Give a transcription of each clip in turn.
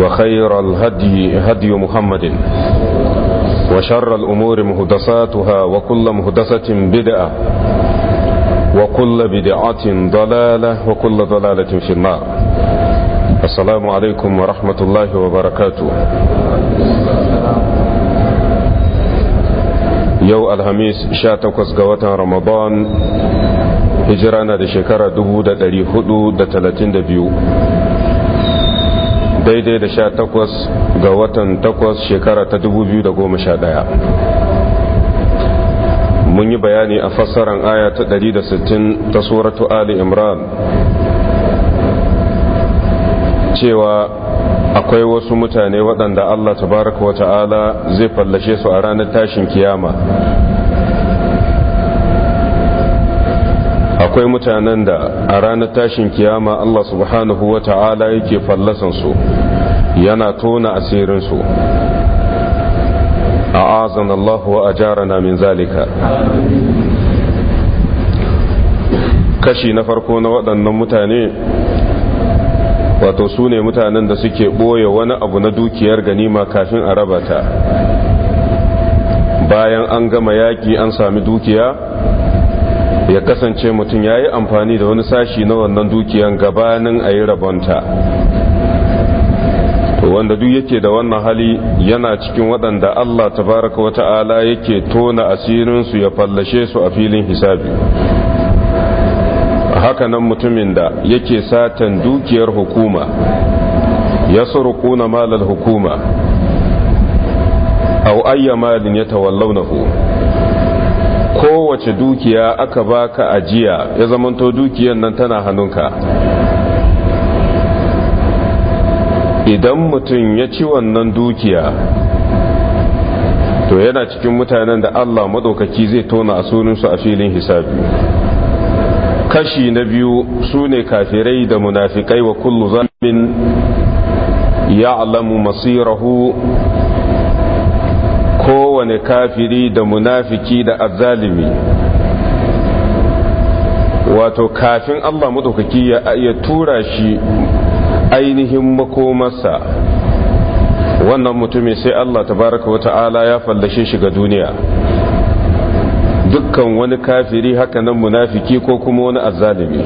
وخير الهدي هدي محمد وشر الأمور مهدساتها وكل مهدسة بدعة وكل بدعة ضلالة وكل ضلالة في النار السلام عليكم ورحمة الله وبركاته yau alhamis 18 ga watan ramadan hijira na da shekara 432 daidai da sha takwas ga watan takwas shekara ta dubu biyu da goma sha ɗaya mun yi bayani a fassaran aya ta ɗari da sittin ta suratu ali imran cewa akwai wasu mutane waɗanda allah tabaraka wa ta'ala zai fallashe su a ranar tashin kiyama akwai mutanen da a ranar tashin kiyama Allah subhanahu wa ta'ala yake fallasan su yana tona asirinsu a azan Allah wa ajarana min zalika kashi na farko na waɗannan mutane wato su ne mutanen da suke ɓoye wani abu na dukiyar ganima kafin a raba ta bayan an gama yaƙi an sami dukiya ya kasance mutum ya yi amfani da wani sashi na wannan dukiyan gabanin a yi rabonta wanda duk yake da wannan hali yana cikin waɗanda Allah tabaraka wa ta'ala yake tona asirinsu ya fallashe su a filin hisabi hakanan mutumin da yake satan dukiyar hukuma ya surukuna malal hukuma au ayya malin ya tawallaunahu kowace dukiya aka baka ajiya ya zamanto dukiyan nan tana hannunka idan mutum ya ci wannan dukiya to yana cikin mutanen da Allah maɗaukaki zai tona a sunansu a filin hisabi kashi na biyu su ne kafirai da munafikai wa kullu zamin ya alamu masirahu kowane kafiri da munafiki da azalimi wato kafin Allah maɗaukaki ya tura shi ainihin makomarsa wannan mutumin sai Allah tabaraka wa ta'ala ya fallashe shi ga duniya dukkan wani kafiri haka nan munafiki ko kuma wani azalimi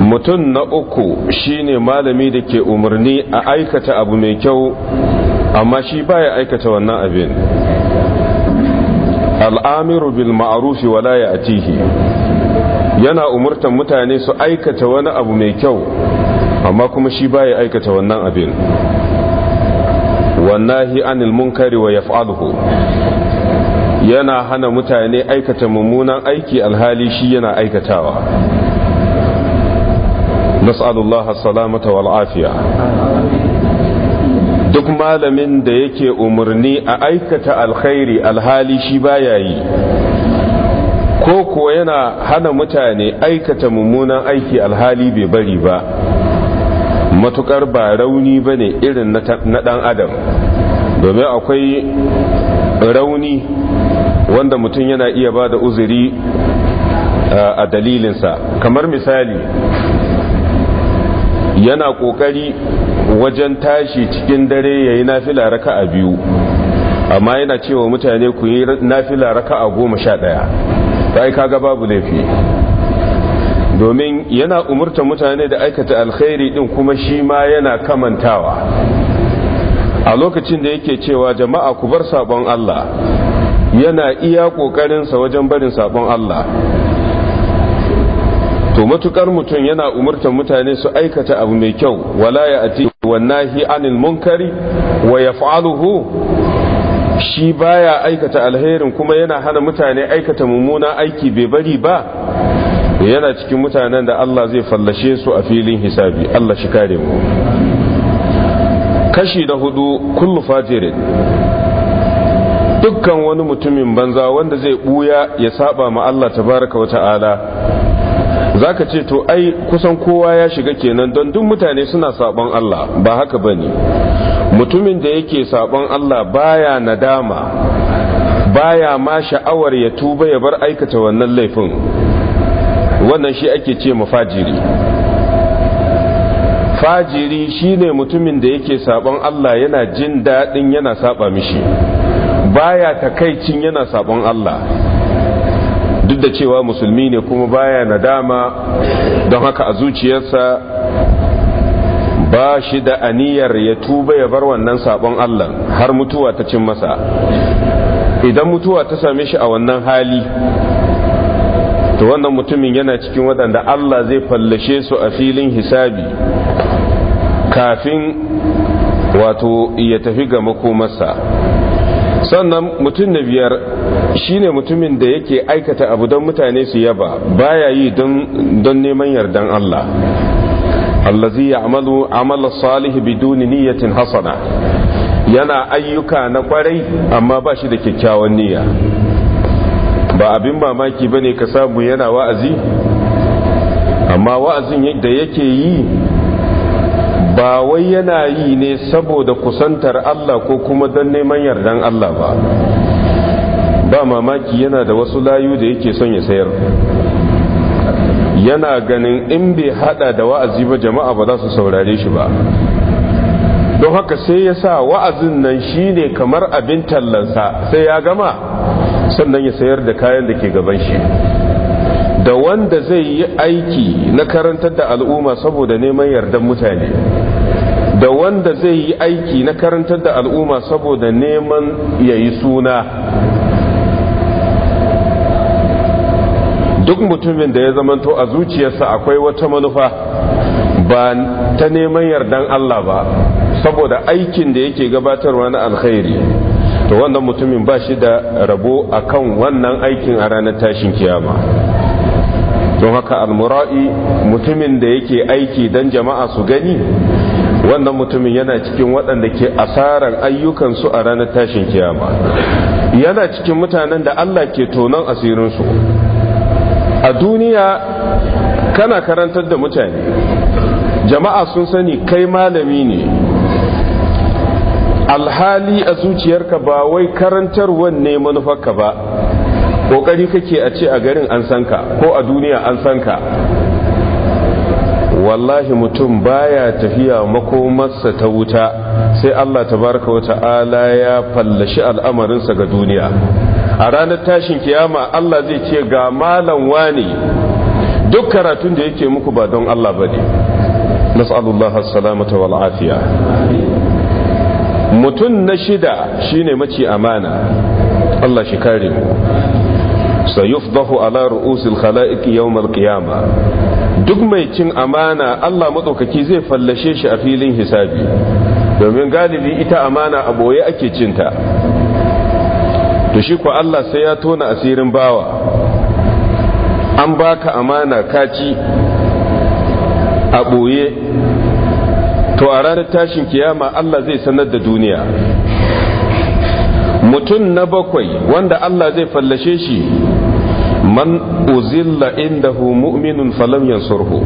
mutum na uku shine malami da ke umarni a aikata abu mai kyau amma shi baya aikata wannan abin al'amiru bil ma'arufi wala ya atihi yana umurtan mutane su aikata wani abu mai kyau amma kuma shi baya aikata wannan abin wannahi anil munkari wa yaf'aluhu yana hana mutane aikata mummunan aiki alhali shi yana aikatawa nas'alullaha salamata wal afiya duk malamin da yake umarni a aikata alkhairi alhali shi baya yi ko kuwa yana hana mutane aikata mummunan aiki alhali bai bari ba matukar ba rauni ba ne irin na dan adam domin akwai rauni wanda mutum yana iya ba da uzuri a dalilinsa kamar misali yana kokari wajen tashi cikin dare ya yayi nafila a biyu amma yana cewa mutane ku yi nafila a goma sha ɗaya sai kaga babu laifi domin yana umurta mutane da aikata alkhairi din kuma shi ma yana kamantawa a lokacin da yake cewa jama'a ku bar sabon Allah yana iya ƙoƙarinsa wajen barin sabon Allah to matukar mutum yana umurtar mutane su aikata abu mai kyau wala ya ati wannahi anil munkari wa yaf'aluhu shi baya aikata alherin kuma yana hana mutane aikata mummuna aiki bai bari ba yana cikin mutanen da Allah zai fallashe su a filin hisabi Allah shi kare mu kashi da hudu kullu fajirin dukkan wani mutumin banza wanda zai buya ya saba ma Allah tabaraka wa ta'ala za ka ce to ai kusan kowa ya shiga kenan don duk mutane suna sabon Allah ba haka ba ne mutumin da yake sabon Allah baya nadama baya ma sha'awar ya tuba ya bar aikata wannan laifin wannan shi ake ce mafajiri fajiri shi ne mutumin da yake sabon Allah yana jin daɗin yana saɓa mishi baya takaicin yana sabon Allah duk da cewa musulmi ne kuma baya nadama don haka a zuciyarsa ba shi da aniyar ya tuba ya bar wannan sabon Allah har mutuwa ta cin masa idan mutuwa ta same shi a wannan hali to wannan mutumin yana cikin waɗanda Allah zai fallashe su a filin hisabi kafin wato ya tafi ga makomarsa sannan mutum na biyar shine mutumin da yake aikata abu don mutane su yaba baya yi don neman yardan Allah allazi ya'malu amala salihi biduni niyatin hasana yana ayyuka na kwarai amma ba shi da kyakkyawan niyya ba abin mamaki bane ka samu yana wa'azi amma wa'azin da yake yi ba wai yana yi ne saboda kusantar Allah ko kuma don neman yardan Allah ba ba mamaki yana da wasu layu da yake son ya sayar yana ganin in bai hada da wa'azi ba jama'a ba za su saurare shi ba don haka sai ya sa wa'azin nan shi ne kamar abin tallansa sai ya gama sannan ya sayar da kayan da ke gaban shi da wanda zai yi aiki na karantar da al'umma saboda neman yardan mutane da wanda zai yi aiki na karantar da al'umma saboda neman ya yi suna duk mutumin da ya zamanto a zuciyarsa akwai wata manufa ba ta neman yardan Allah ba saboda aikin da yake gabatarwa na alkhairi to wannan mutumin ba shi da rabo akan wannan aikin a ranar tashin kiyama don haka almura'i mutumin da yake aiki don jama'a su gani wannan mutumin yana cikin waɗanda ke asaran ayyukansu a ranar tashin kiyama yana cikin mutanen da Allah ke tonon asirinsu a duniya kana karantar da mutane jama'a sun sani kai malami ne alhali a zuciyarka ba wai karantarwan ne manufarka ba ƙoƙari kake a ce a garin an san ko a duniya an sanka wallahi mutum baya tafiya makomarsa ta wuta sai Allah tabaraka wa ta'ala ya fallashi al'amarinsa ga duniya a ranar tashin kiyama Allah zai ce ga malam wani duk karatun da yake muku ba don Allah ba ne nas'alullah salamata wal afiya mutum na shida shine mace amana Allah shi kare mu sayufdahu ala ru'usil khalaiqi yawmal qiyamah duk mai cin amana Allah matsaukaki zai fallashe shi a filin hisabi domin galibi ita amana a boye ake cinta to shi ku Allah sai ya tona asirin bawa an baka amana kaci a boye to a ranar tashin kiyama Allah zai sanar da duniya mutum na bakwai wanda Allah zai fallashe shi man uzilla indahu mu'minun falam yansurhu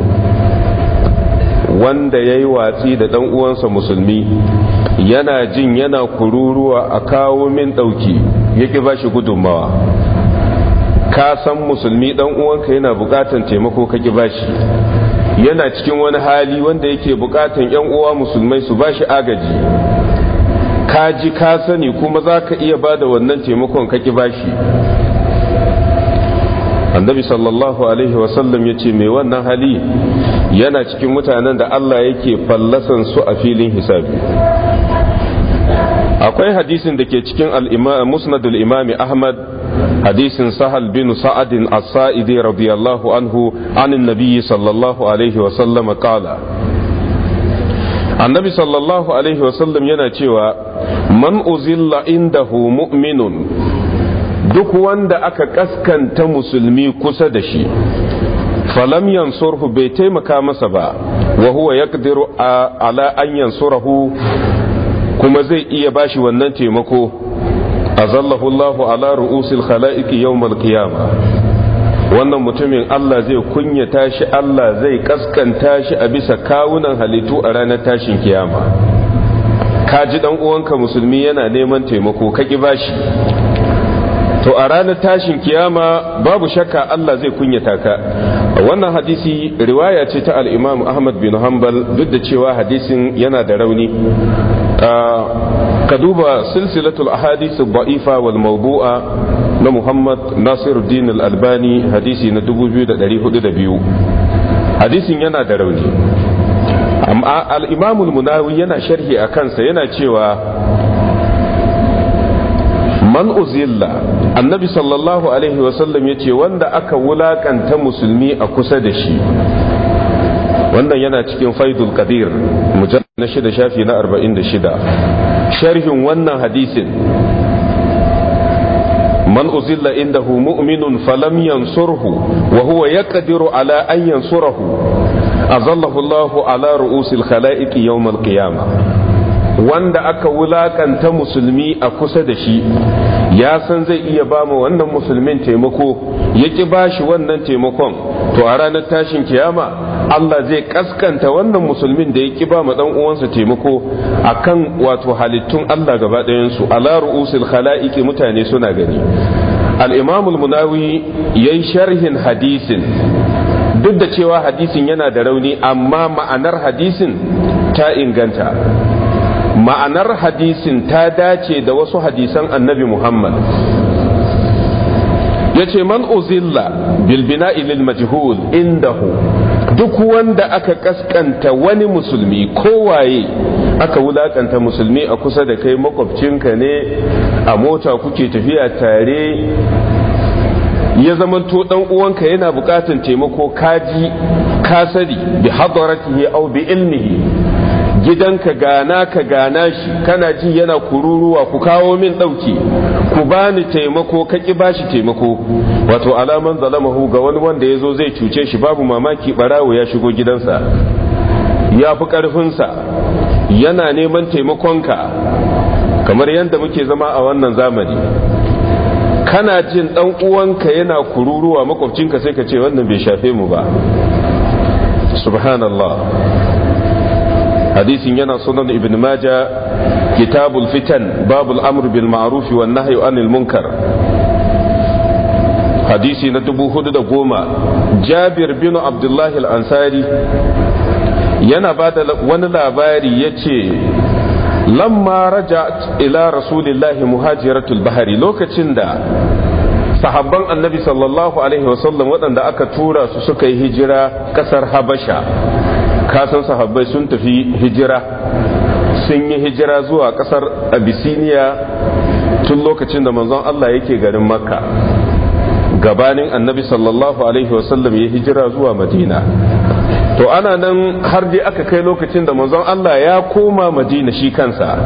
wanda ya yi watsi da ɗan uwansa musulmi yana jin yana kururuwa a kawo min ɗauki ya ƙi ba shi gudunmawa ka san musulmi ɗan uwanka yana buƙatar taimako ka ƙi ba shi yana cikin wani hali wanda yake buƙatar ‘yan uwa musulmai su ba shi agaji ka ji ka sani kuma za ka iya bada wannan taimakon ka ƙi ba shi annabi sallallahu alaihi wasallam ya ce mai wannan hali yana cikin mutanen da Allah yake fallasan su a filin hisabi akwai hadisin da ke cikin musnadul imami ahmad hadisin sahal bin sa'adin as-sa'idi radiyallahu anhu anin nabiyyi sallallahu alaihi wasallam qala annabi sallallahu alaihi wasallam yana cewa man uzilla indahu mu'minun duk wanda aka kaskanta musulmi kusa da shi falam yansurhu bai taimaka masa ba wa huwa yaqdiru ala an yansurahu kuma zai iya bashi wannan taimako azallahu Allah ala ru'usil khalaiqi yawmal qiyamah wannan mutumin Allah zai kunyata shi Allah zai kaskanta shi a bisa kawunan halittu a ranar tashin kiyama ka ji dan uwanka musulmi yana neman taimako ka ki bashi to a ranar tashin kiyama babu shakka Allah zai kunyata ka wannan hadisi riwaya ce ta al Ahmad bin Hanbal duk da cewa hadisin yana da rauni ka duba silsilatul ahadith ad-da'ifa wal mawdu'a na Muhammad Nasiruddin al-Albani hadisi na 2402 hadisin yana da rauni amma al-Imam al-Munawi yana sharhi a kansa yana cewa man uzilla annabi sallallahu alaihi wasallam ya ce wanda aka wulakanta musulmi a kusa da shi wannan yana cikin faidul qadir na shida shafi na 46 sharhin wannan hadisin man uzilla indahu mu'minun falam yansurhu wa huwa yaqdiru ala an yansurahu azallahu Allahu ala ru'usil khalaiqi yawm al-qiyamah wanda aka wulakanta musulmi a kusa da shi ya san zai iya ba mu wannan musulmin taimako ya ki ba shi wannan taimakon to a ranar tashin kiyama Allah zai kaskanta wannan musulmin da ya ki ba mu dan uwansa taimako akan wato halittun Allah gaba ɗayansu ala ru'usil khala'iqi mutane suna gani al-imam al-munawi yayi sharhin hadisin duk da cewa hadisin yana da rauni amma ma'anar hadisin ta inganta ma'anar hadisin ta dace da wasu hadisan annabi muhammad ya ce man uzilla bilbina ilil majhul indahu duk wanda aka kaskanta wani musulmi kowaye aka wulaƙanta musulmi a kusa da kai makwabcinka ne a mota kuke tafiya tare ya zamanto dan uwanka yana bukatan taimako kaji kasari bi hadaratihi aw bi ilmihi gidanka gana ka gana shi kana ji yana kururuwa ku kawo min ɗauki ku bani taimako ka ƙi bashi taimako wato alaman zalamahu ga wani wanda ya zo zai cuce shi babu mamaki ɓarawo ya shigo gidansa ya fi ƙarfinsa yana neman taimakonka kamar yadda muke zama a wannan zamani kana jin ɗan uwanka yana kururuwa makwabcinka sai ka ce wannan bai shafe mu ba subhanallah hadisin yana sunan ibn maja kitabul fitan babul amru bil ma'ruf wan nahyi munkar hadisi na dubu hudu da goma jabir bin abdullahi al-ansari yana ba da wani labari ya ce lamma raja ila rasulillahi muhajiratul bahari lokacin da sahabban annabi sallallahu alaihi waɗanda aka tura su suka yi hijira ƙasar habasha kasan sahabbai sun tafi hijira sun yi hijira zuwa kasar abisiniya tun lokacin da manzon Allah yake garin makka gabanin annabi sallallahu alaihi wasallam ya hijira zuwa madina to ana nan har dai aka kai lokacin da manzon Allah ya koma madina shi kansa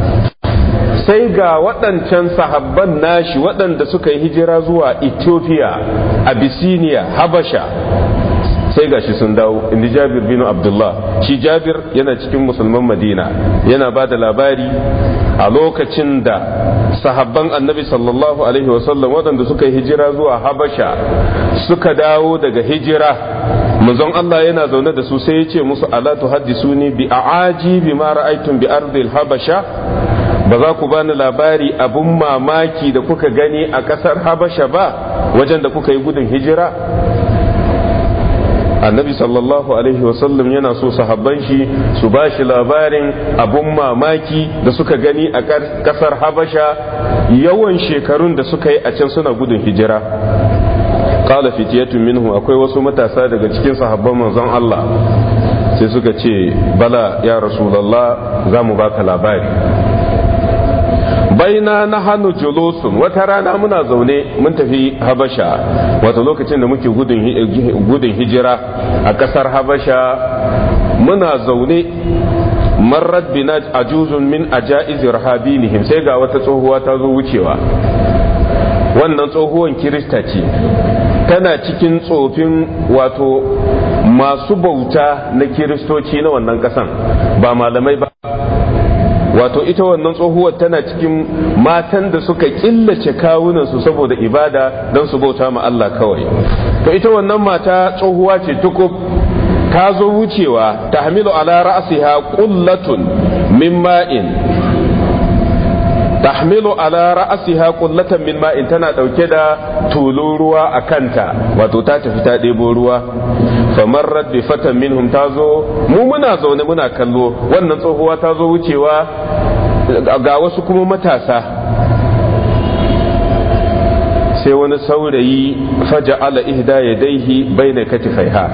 sai ga waɗancan sahabban nashi waɗanda suka yi hijira zuwa ethiopia abisiniya habasha sai gashi sun dawo inda jabir bin abdullah shi jabir yana cikin musulman madina yana ba da labari a lokacin da sahabban annabi sallallahu alaihi wasallam waɗanda suka hijira zuwa habasha suka dawo daga hijira manzon Allah yana zaune da su sai ya ce musu ala tuhaddisuni bi a'aji bi ma ra'aytum bi ardil habasha ba za ku bani labari abun mamaki da kuka gani a ƙasar habasha ba wajen da kuka yi gudun hijira annabi sallallahu alaihi wasallam yana so sahabban shi su ba shi labarin abun mamaki da suka gani a kasar habasha yawan shekarun da suka yi a can suna gudun hijira kala fitiyatun minhu akwai wasu matasa daga cikin sahabban manzon Allah sai suka ce bala ya rasulullah za mu baka labari baina na hannu julusun wata rana muna zaune mun tafi habasha wata lokacin da muke gudun hijira a kasar habasha muna zaune marar bina a min ajaiz rahabinihim sai ga wata tsohuwa ta zo wucewa wannan tsohuwan kirista ce tana cikin tsofin wato masu bauta na kiristoci na wannan kasan ba malamai ba wato ita wannan tsohuwar tana cikin matan da suka killace kawunansu saboda ibada don su bauta ma Allah kawai to ita wannan mata tsohuwa ce tukub ta zo wucewa ta hamilu ala ra'asiha qullatun min ma'in tahmilu ala ra'siha qullatan min ma'in tana dauke da tulun ruwa a kanta wato ta tafi ta ɗebo ruwa famarrat bi fatan minhum tazo mu muna zaune muna kallo wannan tsohuwa tazo wucewa ga wasu kuma matasa sai wani saurayi faja ala ihda ya daihi bai na faiha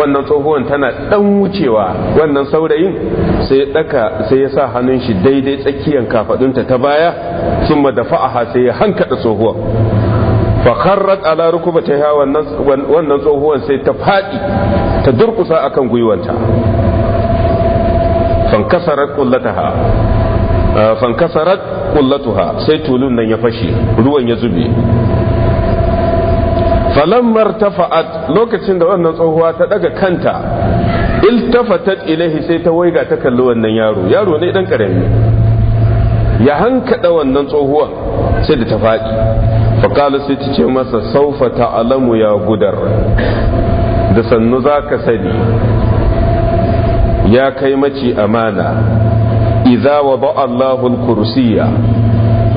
wannan tsohuwan tana dan wucewa wannan saurayin sai daka sai ya sa hannun shi daidai tsakiyar kafadunta ta baya sun a sai ya hankada tsohuwan fakarrat ala rukubatiha wannan tsohuwan sai ta fadi ta durkusa akan gwiwanta fankasarat kullataha fankasarat kullatuha sai tulun nan ya fashe ruwan ya zube falammar fa'ad lokacin da wannan tsohuwa ta daga kanta iltafatat ilaihi sai ta waiga ta kalli wannan yaro yaro ne dan karami ya hankada wannan tsohuwan sai da ta faɗi faƙala sai ta ce masa saufa ta'alamu ya gudar da sannu za ka sani ya kai maci amana idza ba Allahu kursiya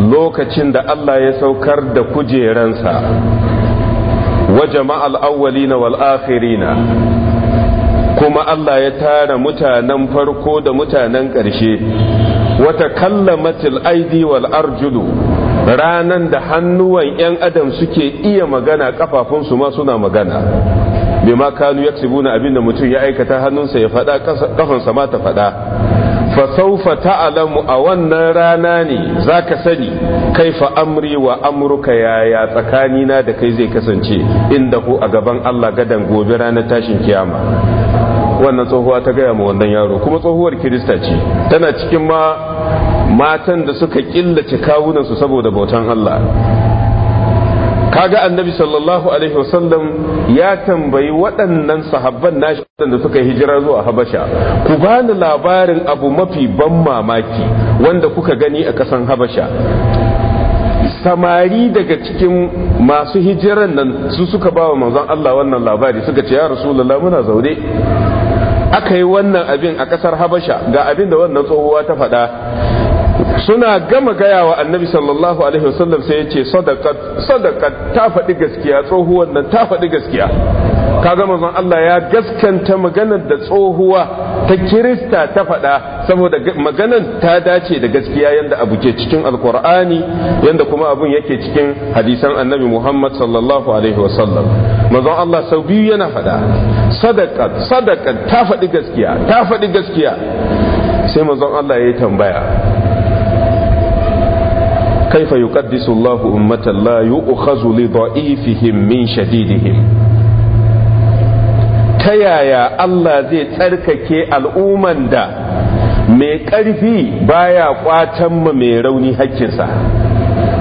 lokacin da Allah ya saukar da kujeransa wa jama'al awwalina wal akhirina kuma Allah ya tara mutanen farko da mutanen ƙarshe wata kallamatil aidi wal arjulu ranan da hannuwan 'yan adam suke iya magana kafafunsu ma suna magana bima kanu abin abinda mutum ya aikata hannunsa ya faɗa kafansa ma ta faɗa fasaufa ta'alamu a wannan rana ne za ka sani kai amri wa amurka yaya tsakanina da kai zai kasance inda ku a gaban Allah gadan gobe ranar tashin kiyama wannan tsohuwa ta gaya ma wannan yaro kuma tsohuwar kirista ce tana cikin ma matan da suka killace kawunansu saboda bautan Allah kaga annabi sallallahu alaihi wasallam ya tambayi waɗannan sahabban nashi waɗanda suka yi hijira zuwa habasha ku bani labarin abu mafi ban mamaki wanda kuka gani a ƙasan habasha samari daga cikin masu hijiran nan su suka ba wa manzon Allah wannan labari suka ce ya rasulullah muna zaune aka yi wannan abin a ƙasar habasha ga abin da wannan tsohuwa ta faɗa suna gama gaya wa annabi sallallahu alaihi wasallam sai ya ce ta faɗi gaskiya tsohuwar nan ta faɗi gaskiya kaga manzon Allah ya gaskanta maganar da tsohuwa ta kirista ta faɗa saboda maganar ta dace da gaskiya yanda abu ke cikin alkur'ani yanda kuma abun yake cikin hadisan annabi Muhammad sallallahu alaihi wasallam manzon Allah sau biyu yana faɗa sadakat ta faɗi gaskiya ta faɗi gaskiya sai manzon Allah ya yi tambaya kaifa yuqaddisu Allahu ummatan la yu'khazu li min shadidihim ta yaya Allah zai tsarkake al'umman da mai ƙarfi baya ƙwatan ma mai rauni hakkinsa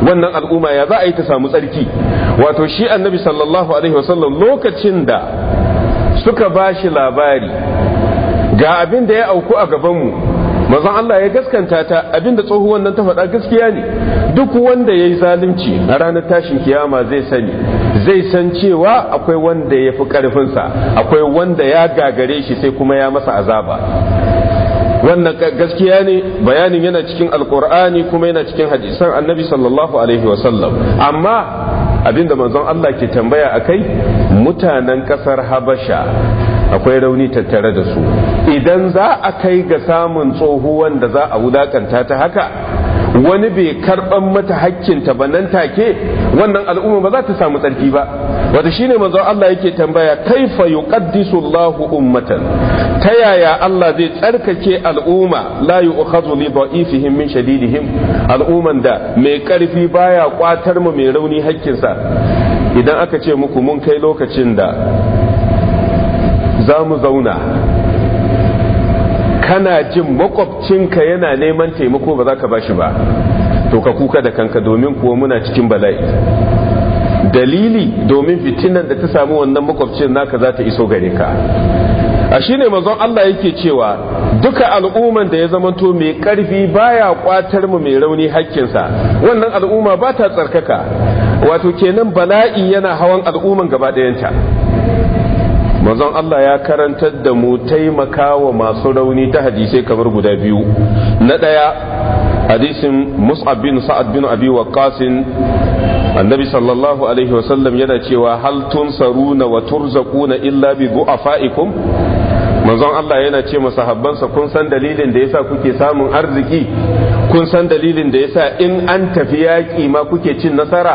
wannan al'umma ya za a yi ta samu tsarki wato shi annabi sallallahu alaihi wasallam lokacin da suka ba shi labari ga abin da ya auku a gabanmu manzon Allah ya gaskanta ta abinda tsohuwan nan ta faɗa gaskiya ne duk wanda ya yi zalunci a ranar tashin kiyama zai sani zai san cewa akwai wanda ya fi ƙarfinsa. akwai wanda ya gagare shi sai kuma ya masa azaba wannan gaskiya ne bayanin yana cikin alkur'ani kuma yana cikin hadisan annabi sallallahu alaihi wasallam amma abinda manzon Allah ke tambaya akai mutanen ƙasar habasha akwai rauni tattare da su idan za a kai ga samun tsohuwan da za a wulakanta ta haka wani bai karban mata hakkinta ba nan take wannan al'umma ba za ta samu tsarki ba wata shine manzo Allah yake tambaya kaifa yuqaddisu Allahu ummatan ta yaya Allah zai tsarkake al'umma la yu'khadhu li da'ifihim min shadidihim al'umman da mai karfi baya kwatar mu mai rauni hakkinsa idan aka ce muku mun kai lokacin da za mu zauna kana jin makwabcinka yana neman taimako ba za ka ba shi ba to ka kuka da kanka domin kuwa muna cikin bala'i dalili domin fitinan da ta samu wannan makwabcin naka za ta iso gare ka a ne mazan Allah yake cewa duka al'umman da ya zamanto mai karfi baya kwatar mu mai rauni hakkinsa wannan al'umma ba ta tsarkaka wato kenan bala'i yana hawan al'umman gaba ɗayanta manzon Allah ya karantar da mu taimaka wa masu rauni ta hadisai kamar guda biyu na ɗaya hadisin mus'ab bin sa'ad bin abi waqasin annabi sallallahu alaihi wasallam yana cewa hal tunsaruna wa turzaquna illa bi du'afaikum manzon Allah yana ce masahabbansa kun san dalilin da yasa kuke samun arziki kun san dalilin da yasa in an tafi yaƙi ma kuke cin nasara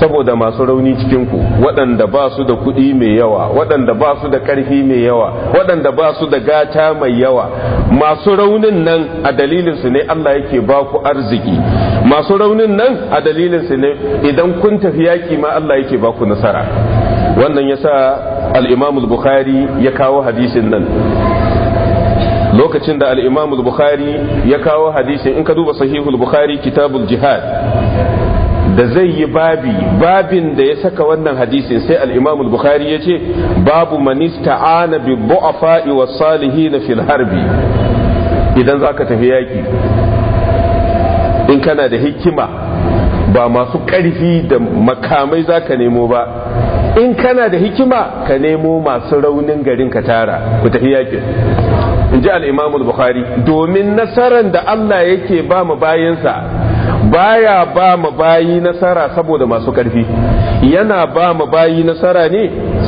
saboda masu rauni cikin ku waɗanda ba su da kuɗi mai yawa waɗanda ba su da ƙarfi mai yawa waɗanda ba su da gata mai yawa masu raunin nan a dalilin su ne Allah yake ba ku arziki masu raunin nan a dalilin su ne idan kun tafi yaki ma Allah yake ba ku nasara wannan yasa al-Imam bukhari ya kawo hadisin nan lokacin da al-Imam bukhari ya kawo hadisin in ka duba sahihul Bukhari kitabul jihad da zai yi babi babin da ya saka wannan hadisin sai al-Imam al-Bukhari yace babu manista ana bi bu'afa'i was salihin fil harbi idan zaka tafi yaki in kana da hikima ba masu ƙarfi da makamai zaka nemo ba in kana da hikima ka nemo masu raunin garin ka tara ku tafi yakin in ji al-Imam al-Bukhari domin nasaran da Allah yake ba mu bayansa baya ba mu bayi nasara saboda masu karfi yana ba mu bayi nasara ne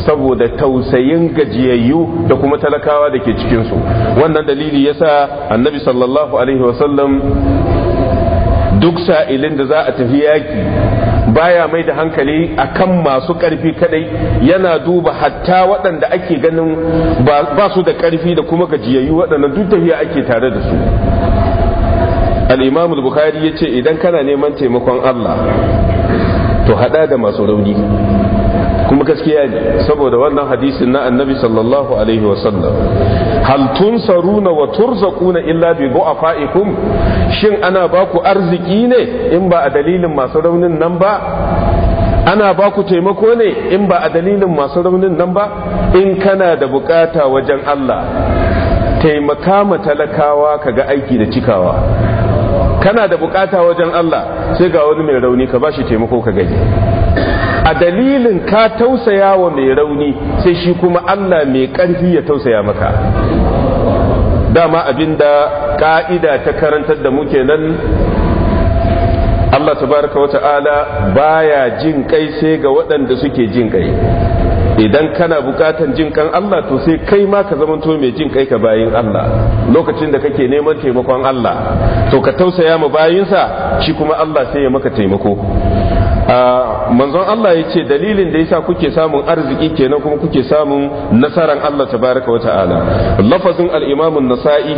saboda tausayin gajiyayyu da kuma talakawa da ke cikinsu wannan dalili yasa annabi sallallahu alaihi wasallam duk sa'ilin da za a tafi yaki baya mai da hankali akan masu ƙarfi kadai yana duba hatta waɗanda ake ganin ba su da ƙarfi da kuma gajiyayyu waɗannan duk tafiya ake tare da su al-imam al-bukhari yace idan kana neman taimakon Allah to hada da masu rauni kuma gaskiya ne saboda wannan hadisin na annabi sallallahu alaihi wasallam hal tunsaruna wa turzaquna illa bi du'afaikum shin ana ba ku arziki ne in ba a dalilin masu raunin nan ba ana ba ku taimako ne in ba a dalilin masu raunin nan ba in kana da bukata wajen Allah taimaka ma talakawa kaga aiki da cikawa kana da bukata wajen Allah sai ga wani mai rauni ka bashi taimako ka gani a dalilin ka tausaya wa mai rauni sai shi kuma Allah mai ƙarfi ya tausaya maka dama abinda ka'ida ta karantar da muke nan, Allah tabaraka wa ta'ala baya jin kai sai ga waɗanda suke jin kai idan kana bukatan jin kan Allah to sai kai ma ka zamanto mai jin kai ka bayin Allah lokacin da kake neman taimakon Allah to ka tausaya ma bayinsa shi kuma Allah sai ya maka taimako ah, manzon Allah ya ce dalilin da yasa kuke samun arziki kenan kuma kuke samun nasaran Allah tabaraka wa ta'ala lafazin al-Imam an-Nasa'i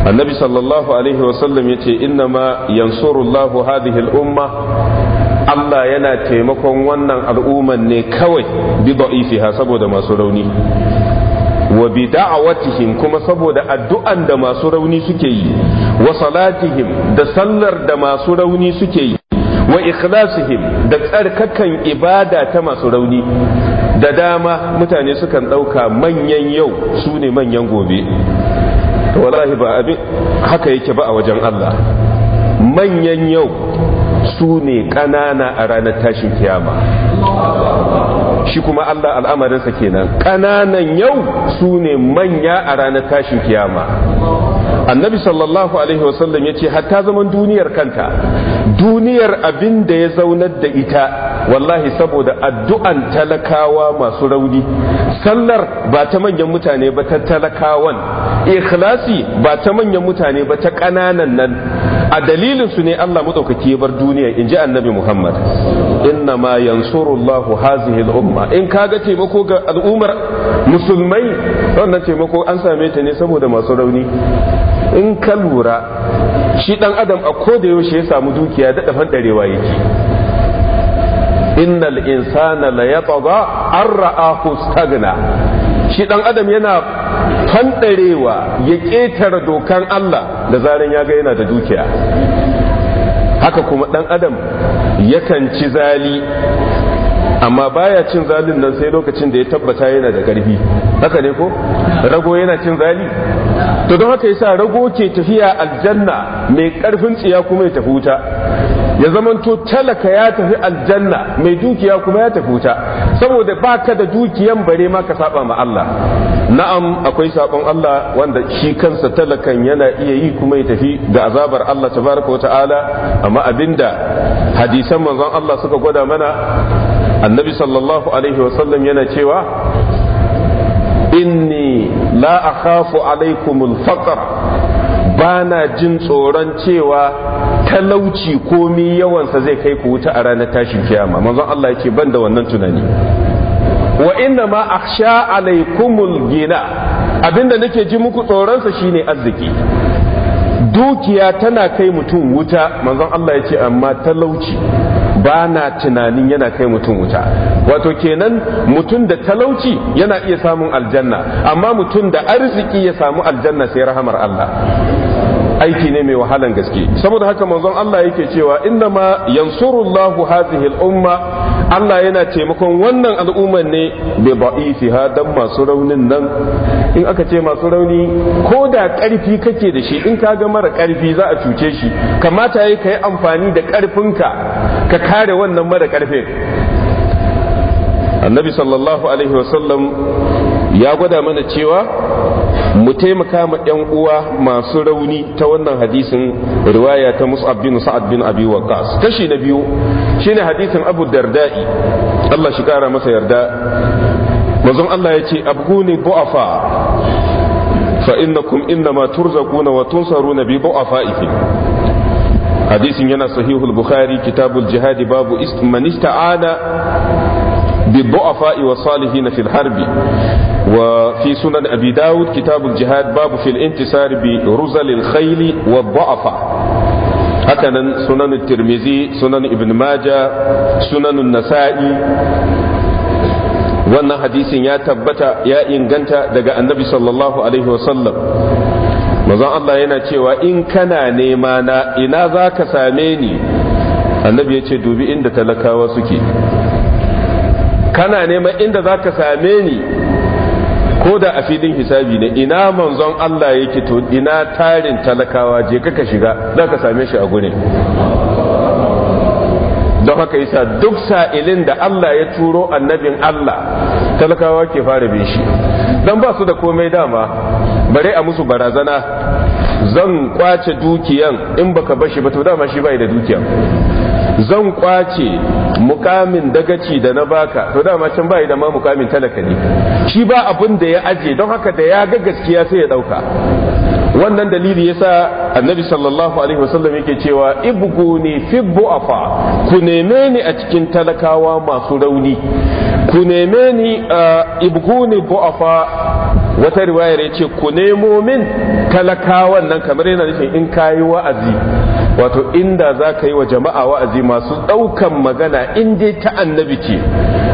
annabi صلى الله عليه وسلم يتي إنما yansurullahu hadhihi al-umma Allah yana taimakon wannan al'umman ne kawai bi da'ifiha saboda masu rauni wa bi da'awatihim kuma saboda addu'an da masu rauni suke yi wa salatihim da sallar da masu rauni suke yi wa ikhlasihim da tsarkakan ibada ta masu rauni da dama mutane sukan ɗauka manyan yau su ne manyan gobe wallahi ba abin haka yake ba a wajen Allah manyan yau su ne ƙanana a ranar tashin kiyama shi kuma Allah al'amarinsa kenan ƙananan yau su ne manya a ranar tashin kiyama annabi sallallahu alaihi wasallam ya ce hatta zaman duniyar kanta duniyar abin da ya zaunar da ita wallahi saboda addu'an talakawa masu rauni sallar ba ta manyan mutane ba ta talakawan ikhlasi ba ta manyan mutane ba ta ƙananan nan a dalilin su ne Allah madaukaki ya bar duniya in ji annabi Muhammad inna ma yansurullahu hazihi al-umma in kaga taimako ga al'ummar musulmai wannan taimako an same ta ne saboda masu rauni in ka lura shi dan adam a koda yaushe ya samu dukiya da dafan darewa yake innal insana la yatgha an ra'ahu shi dan adam yana fanɗarewa ya ketare dokan Allah da zaran ya ga yana da dukiya haka kuma dan adam yakan ci zali amma baya cin zalin nan sai lokacin da ya tabbata yana da ƙarfi haka ne ko rago yana cin zali to don haka yasa rago ke tafiya aljanna mai ƙarfin tsiya kuma ya tafi wuta ya zamanto talaka ya tafi aljanna mai dukiya kuma ya tafi wuta saboda ka da dukiyan bare ma ka saba ma Allah na'am akwai sabon Allah wanda shi kansa talakan yana iya yi kuma ya tafi ga azabar Allah tabaraka wata'ala amma abinda hadisan manzon Allah suka gwada mana annabi sallallahu alaihi wasallam yana cewa inni la akhafu alaikumul faqr ba na jin tsoron cewa talauci komi yawansa zai kai ku wuta a ranar tashin kiyama manzon Allah yake ban wannan tunani wa inna ma akhsha alaikumul gina abinda nake ji muku tsoron sa shine arziki dukiya tana kai mutum wuta manzon Allah ya amma talauci ba na tunanin yana kai mutum wuta wato kenan mutum da talauci yana iya samun aljanna amma mutum da arziki ya samu aljanna sai rahamar Allah aiki ne mai wahalan gaske saboda haka manzon Allah yake cewa inna ma yansurullahu hadhihi al-umma Allah yana taimakon wannan al'ummar ne bi da'ifiha dan masu raunin nan in aka ce masu rauni ko da karfi kake da shi in kaga mara karfi za a cuce shi kamata yayi kai amfani da karfinka ka kare wannan mara karfe. annabi sallallahu alaihi wasallam ya gwada mana cewa mu taimaka ma yan uwa masu rauni ta wannan hadisin riwaya ta Mus'ab bin Sa'ad bin Abi Waqqas kashi na biyu shine hadisin Abu Darda'i Allah shi kara masa yarda manzon Allah yace abhuni du'afa fa innakum innama turzaquna wa tunsaruna bi du'afaikum hadisin yana sahihul bukhari kitabul jihadi babu man ista'ana بالضعفاء والصالحين في الحرب وفي سنن أبي داود كتاب الجهاد باب في الانتصار برزل الخيل والضعفاء hakanan sunan tirmizi sunan ibn maja sunan nasa'i wannan hadisin ya tabbata ya inganta daga annabi sallallahu alaihi wasallam mazan Allah yana cewa in kana nema na ina za ka same ni annabi ya ce dubi inda talakawa suke kana neman inda za ka same ni ko da a filin hisabi ne ina manzon Allah yake to ina tarin talakawa je ka shiga za ka same shi a gurin don haka isa duk sa'ilin da Allah ya turo annabin Allah talakawa ke fara bin shi don ba su da komai dama bare a musu barazana zan kwace dukiyan in baka bashi ba to dama shi bai da dukiyan zan kwace mukamin dagaci da na baka to dama can bai da ma mukamin talaka ne shi ba abin da ya aje don haka da ya ga gaskiya sai ya dauka wannan dalili yasa annabi sallallahu alaihi wasallam yake cewa ibguni fi bu'afa ku neme ni a cikin talakawa masu rauni ku neme ni uh, ibguni bu'afa wata riwayar ya ce ku nemo min talakawan nan kamar yana nufin in ka yi wa'azi wato inda za ka yi wa jama'a wa'azi masu ɗaukan magana in dai ta annabi ce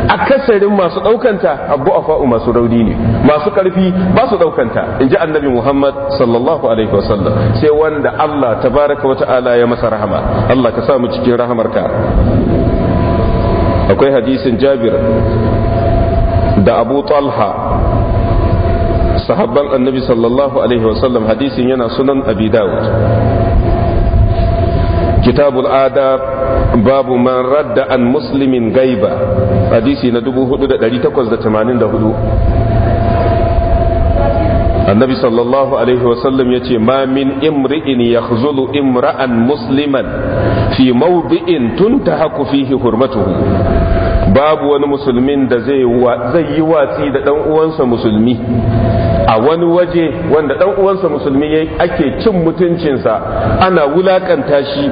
akasarin masu ɗaukanta abu fa'u masu rauni ne masu ƙarfi ba su ɗaukanta in ji annabi muhammad sallallahu alaihi wasallam sai wanda allah tabaraka wata'ala ya masa rahama allah ka samu cikin rahamarka akwai hadisin jabir da abu talha sahabban annabi sallallahu alaihi wasallam hadisin yana sunan abi dawud kitabul adab babu man radda an gaiba hadisi na 4884 annabi sallallahu alaihi wasallam ya ce ma min imri'in yakhzulu imra'an musliman fi mawdi'in tuntahaku fihi hurmatuhu babu wani musulmin da zai yi watsi da ɗan uwansa musulmi a wani waje wanda ɗan uwansa musulmi ake cin mutuncinsa ana wulaƙanta shi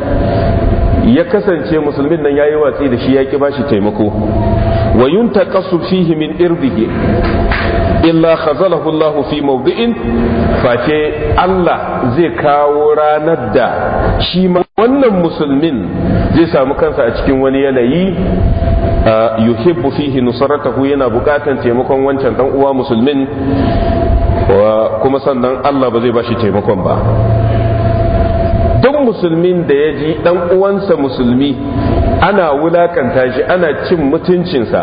ya kasance musulmin nan yi watsi da shi ya ki bashi taimako wa yuntaqasu fihi min irdihi illa khazalahu Allahu fi mawdi'in face Allah zai kawo ranar da shi ma wannan musulmin zai samu kansa a cikin wani yanayi yuhibbu fihi nusratahu yana bukatan taimakon wancan dan uwa musulmin kuma sannan Allah ba zai ba shi taimakon ba duk musulmin da ya ji dan uwansa musulmi ana wulakanta shi ana cin mutuncinsa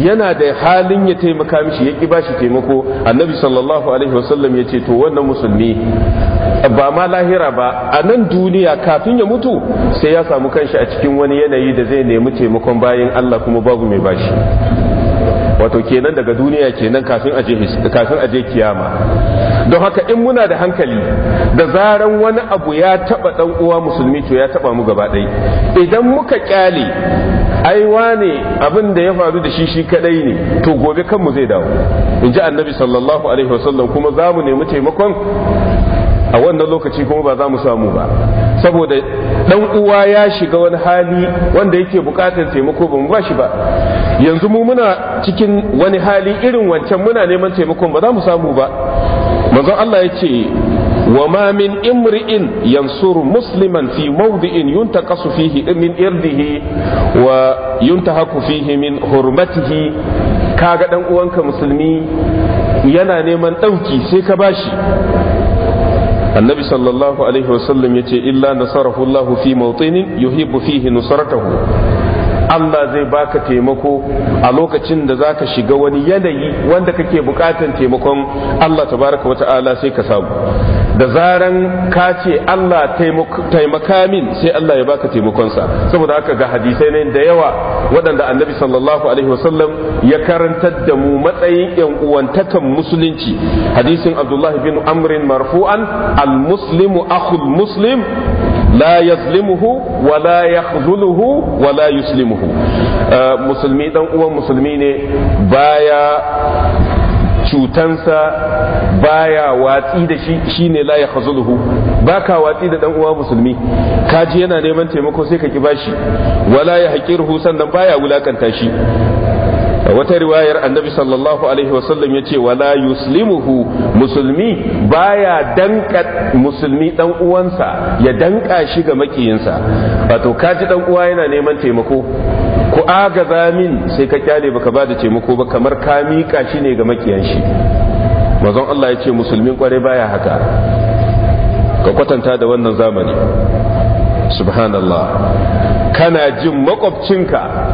yana da halin ya taimaka mishi ya ki bashi taimako annabi sallallahu alaihi wasallam ya ce to wannan musulmi ba ma lahira ba a nan duniya kafin ya mutu sai ya samu kanshi a cikin wani yanayi da zai nemi taimakon bayan Allah kuma babu mai bashi wato kenan daga duniya kenan kafin a je kiyama don haka in muna da hankali da zaran wani abu ya taba dan uwa musulmi to ya taba mu gaba ɗaya idan muka kyale ai wane abin da ya faru da shi shi kadai ne to gobe kanmu zai dawo in ji annabi sallallahu alaihi wasallam kuma zamu nemi taimakon a wannan lokaci kuma ba za mu samu ba saboda dan uwa ya shiga wani hali wanda yake bukatar taimako ba mu ba shi ba yanzu mu muna cikin wani hali irin wancan muna neman taimakon ba za mu samu ba manzon Allah ya ce wa ma min imri'in yansuru musliman fi mawdi'in yuntaqasu fihi min irdihi wa yuntahaku fihi min hurmatihi kaga dan uwanka musulmi yana neman ɗauki sai ka bashi annabi sallallahu alaihi wasallam ya ce illa nasarahu Allah fi mawtinin yuhibbu fihi nusratahu Allah zai baka taimako a lokacin da zaka shiga wani yanayi wanda kake bukatan taimakon Allah tabaraka wa ta'ala sai ka samu da zaran ka ce Allah taimaka min sai Allah ya baka taimakonsa saboda haka ga hadisai ne da yawa waɗanda annabi sallallahu alaihi wasallam ya karantar da mu matsayin yan uwantakan musulunci hadisin abdullahi bin amrin marfu'an al muslimu akhul muslim la يظلمه wa la ولا wa la دان musulmi dan uwan musulmi ne baya cutansa baya watsi da shi shine la ya khazuluhu baka watsi da dan uwa musulmi kaji yana neman taimako sai ka ki bashi wala ya haqiruhu sannan baya wulakanta shi wata riwayar annabi sallallahu alaihi wasallam ya ce wala yuslimuhu musulmi baya danka musulmi dan uwansa ya danka shi ga makiyinsa wato kaji dan uwa yana neman taimako ku agaza min sai ka kyale baka ba da taimako ba kamar ka mika shi ne ga makiyan shi mazan Allah ya ce musulmin kwarai baya haka ka kwatanta da wannan zamani subhanallah kana jin makwabcinka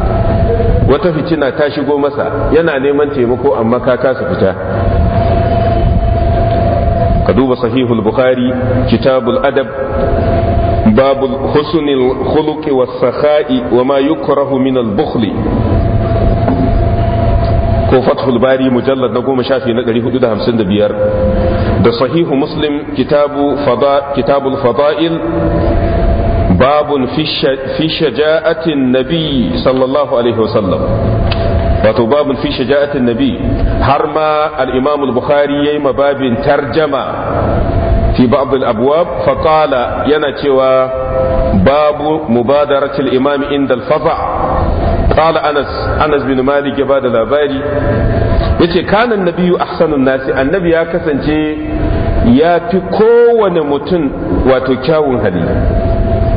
wata fitina ta shigo masa yana neman taimako amma ka kasa fita ka duba sahihul bukhari kitabul adab babul باب الحسن wa والسخاء وما يكره من البخل ko fathul bari mujallad na goma shafi na 455 da sahihu muslim kitabu fada'il babun fi shaja'atin nabi sallallahu alaihi wasallam wato babun fi shaja'atin nabi har ma al al-bukhari yayi mababin tarjama fi ba'd al-abwab yana cewa babu mubadaratil imam inda al-faza anas anas bin malik ya bada labari kanan kana nabiyyu ahsanun nasi annabi ya kasance ya fi kowane mutum wato kyawun hali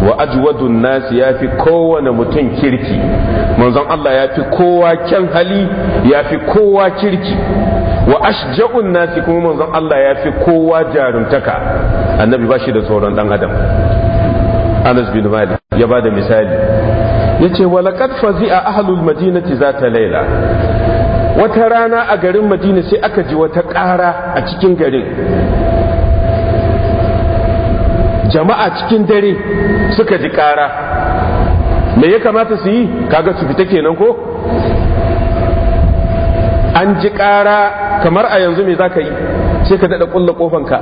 wa ajwadun nas ya fi kowane mutum kirki manzon Allah ya fi kowa kyan hali ya fi kowa kirki wa ashja'un nas kuma manzon Allah ya fi kowa jaruntaka annabi bashi da tsoron dan adam Anas bin Malik ya bada misali yace laqad fazi'a ahlul madinati zata laila wata rana a garin madina sai aka ji wata ƙara a cikin garin jama'a cikin dare suka ji kara me ya kamata su yi kaga su fita kenan ko an ji kara kamar a yanzu me za ka yi sai ka daɗa ƙulla ƙofanka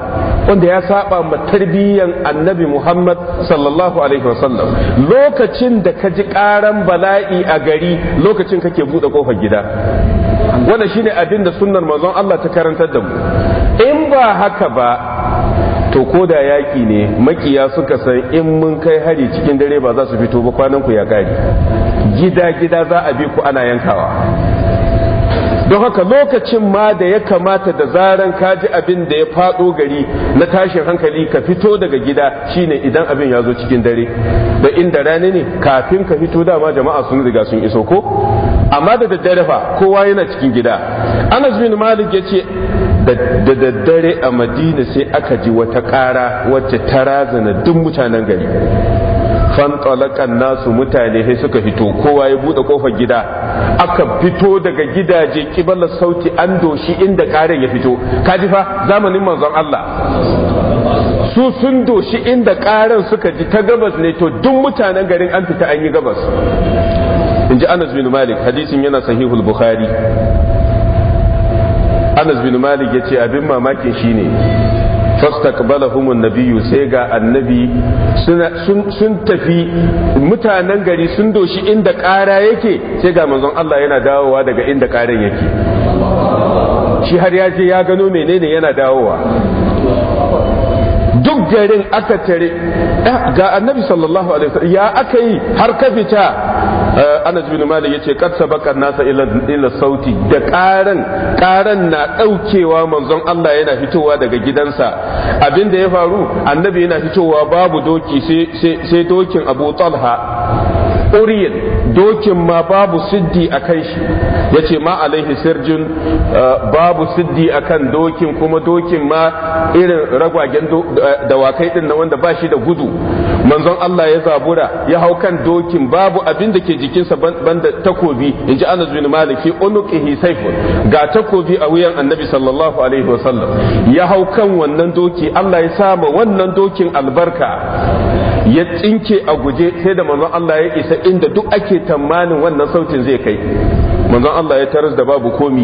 wanda ya saba ma tarbiyyan annabi muhammad sallallahu alaihi wasallam lokacin da ka ji ƙaran bala'i a gari lokacin kake buɗe ƙofar gida wanda shine abin da sunnar manzon allah ta karantar da mu in ba haka ba to ko da yaƙi ne makiya suka san in mun kai hari cikin dare ba za su fito ba kwananku ya kare gida gida za a bi ku ana yankawa don haka lokacin ma da ya kamata da zaran kaji abin da ya faɗo gari na tashin hankali ka fito daga gida shine idan abin ya zo cikin dare da inda rani ne kafin ka fito dama jama'a sun riga sun iso ko amma da daddare fa kowa yana cikin gida anas bin malik ya ce da daddare a madina sai aka ji wata ƙara wacce ta razana duk mutanen gari fantalakan nasu mutane sai suka fito kowa ya buɗe kofar gida aka fito daga gidaje kibalar sauti an doshi inda ƙarin ya fito kaji fa zamanin manzon Allah su sun doshi inda ƙaran suka ji ta gabas ne to duk mutanen garin an fita an yi gabas in ji anas bin malik hadisin yana sahihul bukhari anas bin malik ya ce abin mamakin shine humun nabiyu sai ga annabi sun tafi mutanen gari sun doshi inda ƙara yake sai ga manzon Allah yana dawowa daga inda ƙarin yake shi har ya je ya gano menene yana dawowa duk garin aka tare ah, ga annabi sallallahu alaihi wasallam ya aka yi har ka fita Eh, anas bin malik yace kad sabaka nasa ila ila sauti da karan karan na daukewa manzon Allah yana fitowa daga gidansa abinda ya faru annabi yana fitowa babu doki sai sai dokin Abu Talha uriyin dokin ma babu siddi a kan shi ya ce ma alaihi sirjin eh, babu siddi a kan dokin kuma dokin ma irin ragwagen eh, dawakai din na wanda ba shi da gudu manzon Allah ya zabura ya hau kan dokin babu abin da ke jikinsa banda takobi in ji anas bin maliki unuqihi sayfun ga takobi a wuyan annabi sallallahu alaihi wasallam ya hau kan wannan doki Allah ya sama wannan dokin albarka ya tsinke a guje sai da manzon Allah ya isa inda duk ake tamanin wannan sautin zai kai manzon Allah ya taras da babu komi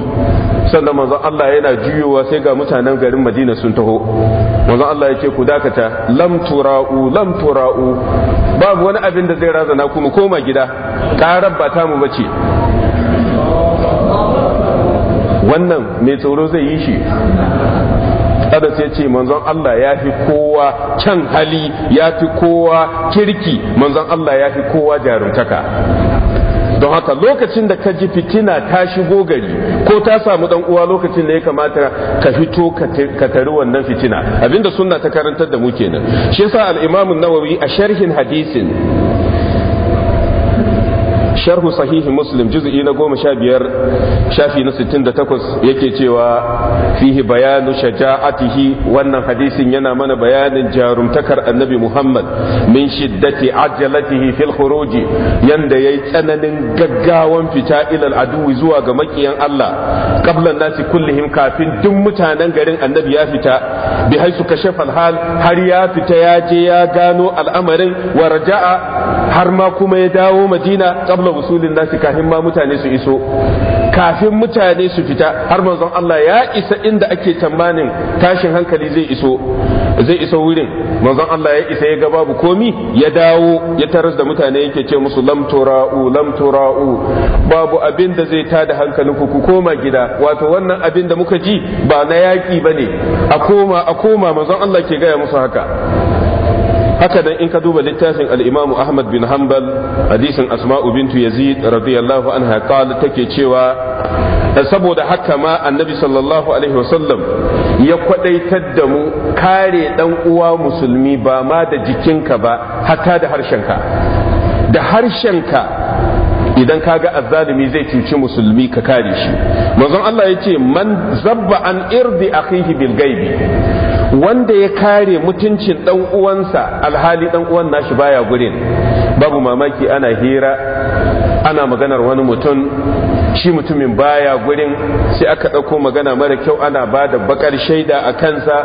sannan manzon Allah yana juyowa sai ga mutanen garin Madina sun taho manzon Allah yake ku dakata lam tura'u lam tura'u babu wani abin da zai razana ku mu koma gida karar ba ta mu bace wannan mai tsoro zai yi shi kada ya ce manzon Allah ya fi kowa can hali ya fi kowa kirki manzon Allah ya fi kowa jarumtaka don haka lokacin da ka ji fitina ta shigo gari ko ta samu dan uwa lokacin da ya kamata ka fito ka tari wannan fitina abinda sunna ta karantar da mu kenan shi yasa al-imam an-nawawi a sharhin hadisin sharhu sahihi muslim juzui na goma sha biyar shafi na sittin da takwas yake cewa fihi bayanu shaja'atihi wannan hadisin yana mana bayanin jarumtakar annabi muhammad min shiddati ajalatihi fil khuruji yanda yayi tsananin gaggawan fita ilal aduwi zuwa ga makiyan Allah qablan nasi kullihim kafin duk mutanen garin annabi ya fita bi haisu kashafa har ya fita ya je ya gano al'amarin wa har ma kuma ya dawo madina qabla usulin nasi kafin ma mutane su iso kafin mutane su fita har manzon Allah ya isa inda ake tambanin tashin hankali zai iso zai iso wurin manzon Allah ya isa ya ga babu komi ya dawo ya taras da mutane yake ce musu lam tura'u lam tura'u babu abin da zai tada hankalin ku ku koma gida wato wannan abin da muka ji ba na yaki bane a koma a koma manzon Allah ke gaya musu haka haka dan in ka duba littafin al'imam imam Ahmad bin hambal hadisin Asma'u bintu Yazid radiyallahu anha qala take cewa saboda haka ma annabi sallallahu alaihi wasallam ya kwadaitar da mu kare dan uwa musulmi ba ma da jikinka ba hatta da harshenka da harshenka idan ka ga azzalimi zai cuci musulmi ka kare shi manzon Allah ya man zabba an irdi akhihi bil gaibi wanda ya kare mutuncin dan uwansa alhali dan uwan nashi baya gurin babu mamaki ana hira ana maganar wani mutum shi mutumin baya gurin sai aka ɗauko magana mara kyau ana ba da bakar shaida a kansa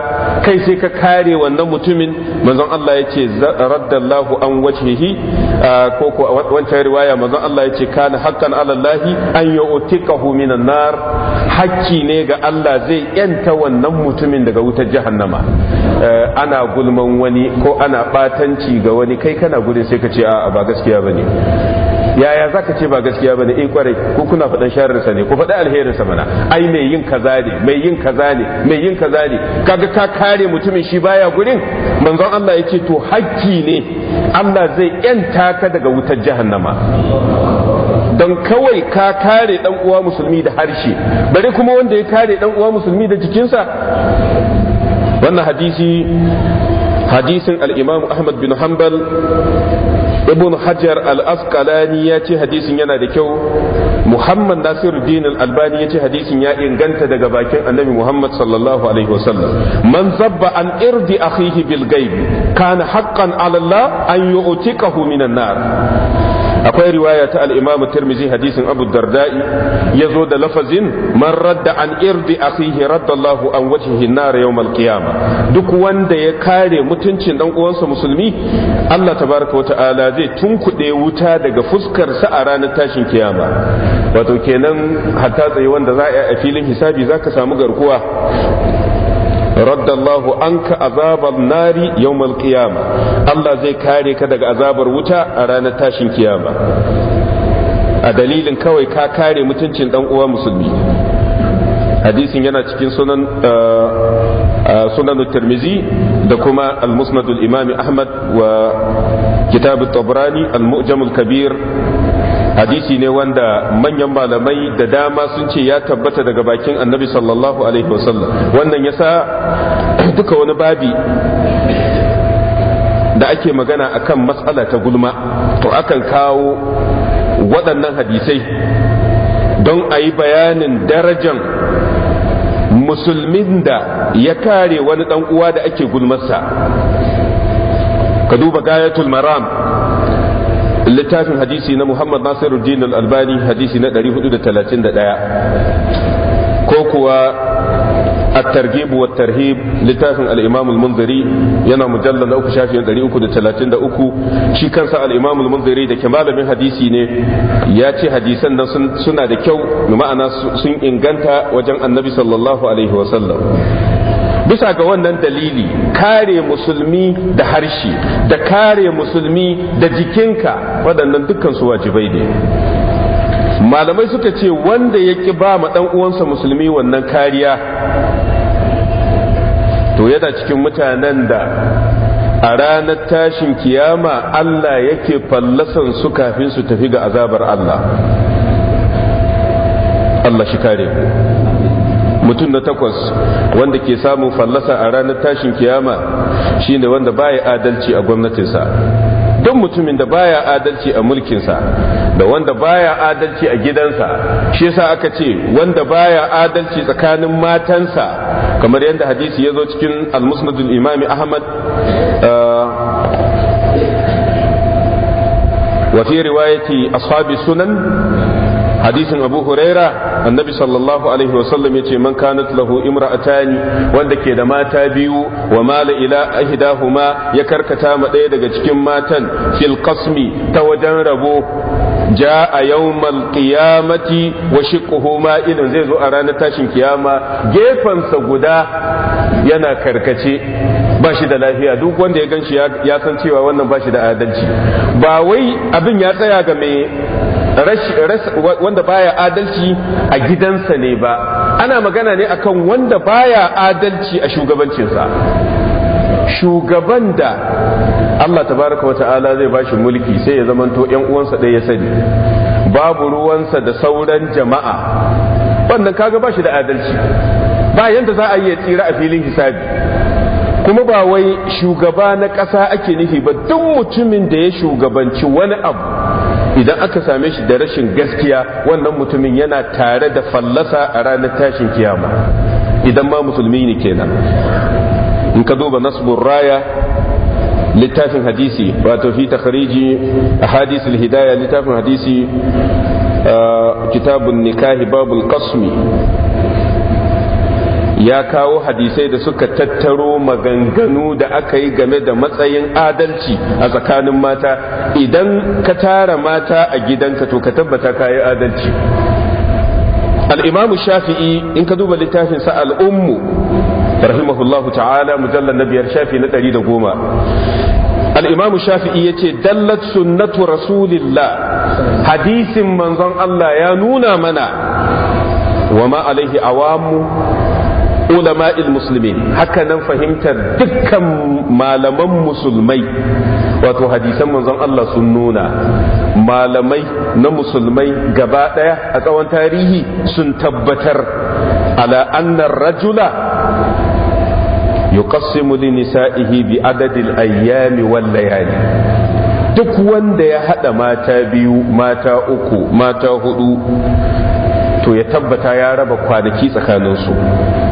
kai sai ka kare wannan mutumin manzon Allah ya ce raddallahu an wajhihi ko ko wancan riwaya manzon Allah ya ce kana haqqan ala Allah an yu'tikahu minan nar hakki ne ga Allah zai yanta wannan mutumin daga wutar jahannama ana gulman wani ko ana batanci ga wani kai kana gurin sai ka ce a'a ba gaskiya bane yaya za ka ce ba gaskiya ba ne in eh, kwarai ko kuna faɗan sharrinsa ne ko faɗi alherinsa mana ai mai yin kaza ne mai yin kaza ne mai yin kaza ne kaga ka kare mutumin shi baya gurin manzon Allah yace to hakki ne Allah zai yanta ka daga wutar jahannama don kawai ka kare dan uwa musulmi da harshe bare kuma wanda ya kare dan uwa musulmi da jikinsa wannan hadisi hadisin al-Imam Ahmad bin Hanbal ibn hajar al-asqalani ya ce hadisin yana da kyau muhammad nasiruddin al-albani ya ce hadisin ya inganta daga bakin annabi muhammad sallallahu alaihi wasallam man zabba an irdi akhihi bil ghaib kana haqqan ala allah an yu'tikahu minan nar akwai riwaya ta al-imam tirmizi hadisin abu darda'i ya zo da lafazin man radda an irdi akhihi raddallahu an wajhihi nar yawm al-qiyama duk wanda ya kare mutuncin dan uwansa musulmi Allah tabaraka wa ta'ala zai tunkuɗe wuta daga fuskar sa a ranar tashin kiyama wato kenan hatta tsaye wanda za a yi a filin hisabi zaka samu garkuwa raddallahu anka azabar nari yawmal qiyama Allah zai kare ka daga azabar wuta a ranar tashin kiyama a dalilin kawai ka kare mutuncin dan uwa musulmi hadisin yana cikin sunan uh, uh, sunan tirmizi da kuma al-musnad al-imam ahmad wa kitab at-tabrani al-mu'jam al-kabir hadisi ne wanda manyan malamai da dama sun ce ya tabbata daga bakin annabi sallallahu alaihi wasallam wannan yasa duka wani babi da ake magana akan matsala ta gulma to akan kawo waɗannan hadisai don a yi bayanin darajan musulmin da ya kare wani ɗan uwa da ake gulmarsa ka duba gayatul maram littafin hadisi na muhammad nasiru jinnul albani hadisi na 431 ko kuwa a targibu wa tarhib littafin al’imamul munzari yana mujallar na uku shafi 333 shi kansa al’imamul munzari da ke malamin hadisi ne ya ce hadisan nan suna da kyau ma'ana sun inganta wajen annabi sallallahu alaihi wasallam bisa ga wannan dalili kare musulmi da harshe da kare musulmi da jikinka waɗannan dukkan su wajibai ne malamai suka ce wanda ya ki ba ma ɗan uwansa musulmi wannan kariya to yana cikin mutanen da a ranar tashin kiyama Allah yake fallasan su kafin su tafi ga azabar Allah Allah shi kare mu mutum na takwas wanda ke samun fallasa a ranar tashin kiyama shine wanda baya adalci a gwamnatinsa Don mutumin da baya adalci a mulkinsa da wanda baya adalci a gidansa shi yasa aka ce wanda baya adalci tsakanin matansa kamar yadda hadisi ya zo cikin al imami ahmad uh, fi riwayati ashabi Sunan hadisin Abu huraira annabi sallallahu alaihi wasallam yace man kanat lahu imra'atani wanda ke da mata biyu wa mala ila ahdahuma ya karkata ma ɗaya daga cikin matan fil qasmi ta wajen rabo ja'a yawmal qiyamati wa shiqquhu idan zai zo a ranar tashin kiyama gefansa guda yana karkace ba shi da lafiya duk wanda ya ganshi ya san cewa wannan ba shi da adalci ba wai abin ya tsaya ga mai wanda baya adalci a gidansa ne ba ana magana ne akan wanda baya adalci a shugabancinsa shugaban da Allah tabaraka wa ta'ala zai bashi mulki sai ya zamanto yan uwansa ɗaya sani babu ruwansa da sauran jama'a wannan kaga bashi da adalci ba yanda za a yi tsira a filin hisabi kuma ba wai shugaba na ƙasa ake nufi ba duk mutumin da ya shugabanci wani abu idan aka same shi da rashin gaskiya wannan mutumin yana tare da fallasa a ranar tashin kiyama idan ma musulmi ne kenan in ka duba nasbun raya littafin hadisi wato fi takhriji ahadith al littafin hadisi uh, kitabun nikahi babul qasmi ya kawo hadisai da suka tattaro maganganu da aka yi game da matsayin adalci a tsakanin mata idan ka tara mata a gidanka to ka tabbata ka yi adalci al'imamu shafi'i in ka duba littafinsa al'ummu rahimahullahu ta'ala mujallar na biyar shafi na ɗari da goma al'imamu shafi'i ya ce dallat sunnatu rasulillah hadisin manzon Allah ya nuna mana wa ma alaihi awamu ulama'il musulmi haka nan fahimtar dukkan malaman musulmai wato hadisan manzon Allah sun nuna malamai na musulmai gaba daya a tsawon tarihi sun tabbatar ala annar rajula yuqassimu li nisa'ihi bi adadil ayyami wal layali duk wanda ya haɗa mata biyu mata uku mata hudu to ya tabbata ya raba kwanaki tsakaninsu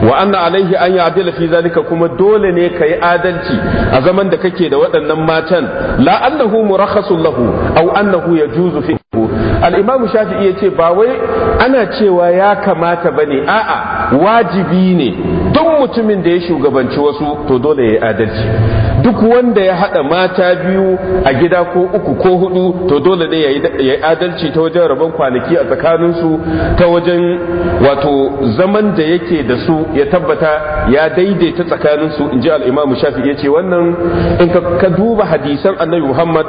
wa anna alaihi an ya adila fi zalika kuma dole ne ka yi adalci a zaman da kake da waɗannan matan la annahu murakhasul lahu aw annahu yajuzu fi al'imamu shafi iya ce ba wai ana cewa ya kamata ba ne a'a wajibi ne duk mutumin da ya shugabanci wasu to dole ya yi adalci duk wanda ya haɗa mata biyu a gida ko uku ko hudu to dole ne ya yi adalci ta wajen rabon kwanaki a tsakaninsu ta wajen wato zaman da yake da su ya tabbata ya daidaita tsakaninsu in ji al'imamu shafi iya ce wannan in ka duba hadisan annabi muhammad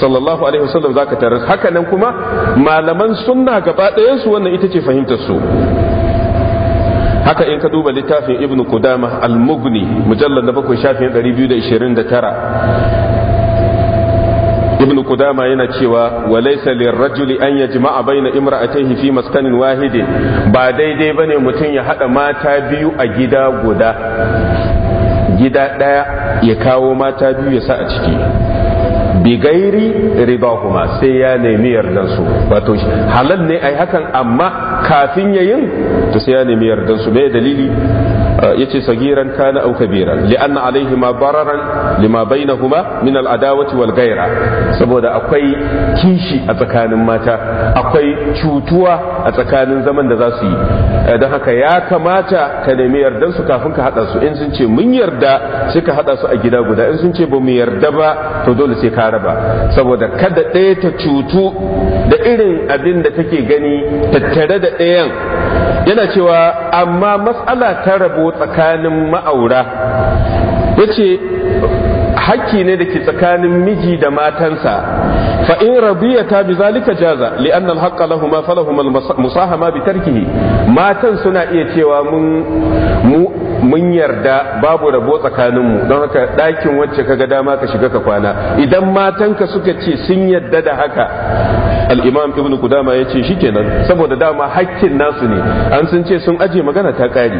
sallallahu alaihi wasallam zaka tarar haka nan kuma kuma malaman sunna gaba ɗayansu wannan ita ce fahimtar su haka in ka duba littafin Ibn kudama al-mughni mujallar na bakwai shafin 229 Ibn kudama yana cewa wa laysa lirrajuli an yajma'a baina imra'atayhi fi maskanin wahidin ba daidai bane mutum ya hada mata biyu a gida guda gida daya ya kawo mata biyu ya sa a ciki bi riba kuma sai ya nemi yardan su wato halal ne ai hakan amma kafin yayin to sai ya nemi yardan su me dalili yace sagiran kana au kabiran li'anna alaihi ma bararan lima bainahuma min al'adawati wal gaira saboda akwai kishi a tsakanin mata akwai cutuwa a tsakanin zaman da za su yi don haka ya kamata ka nemi yardan su kafin ka hada su in sun ce mun yarda sai ka hada su a gida guda in sun ce ba mu yarda ba to dole sai ka raba saboda kada ɗaya ta cutu da irin abin da take gani tattare da ɗayan yana cewa amma matsala ta rabo tsakanin ma'aura ya ce hakki ne da ke tsakanin miji da matansa fa in ta bi zalika jaza li'anna anna al haqqa lahum falahum al musahama bi tarkihi matan suna iya cewa mun yarda babu rabo tsakaninmu mu don haka ɗakin wacce kaga dama ka shiga ka kwana idan matanka suka ce sun yarda da haka al ibn kudama ya ce shikenan saboda dama hakkin nasu ne an sun ce sun aje magana ta kare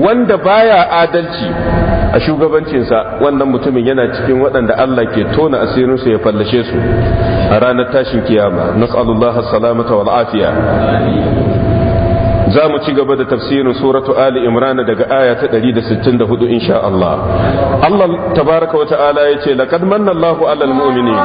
wanda baya adalci a shugabancinsa wannan mutumin yana cikin waɗanda Allah ke tona asirinsu ya fallashe su a ranar tashin kiyama nas'alullaha salamata wal afiya za mu ci gaba da tafsirin suratu Ali Imran daga aya ta 164 insha Allah Allah tabaraka wa ta'ala yace laqad manna Allahu 'alal mu'minin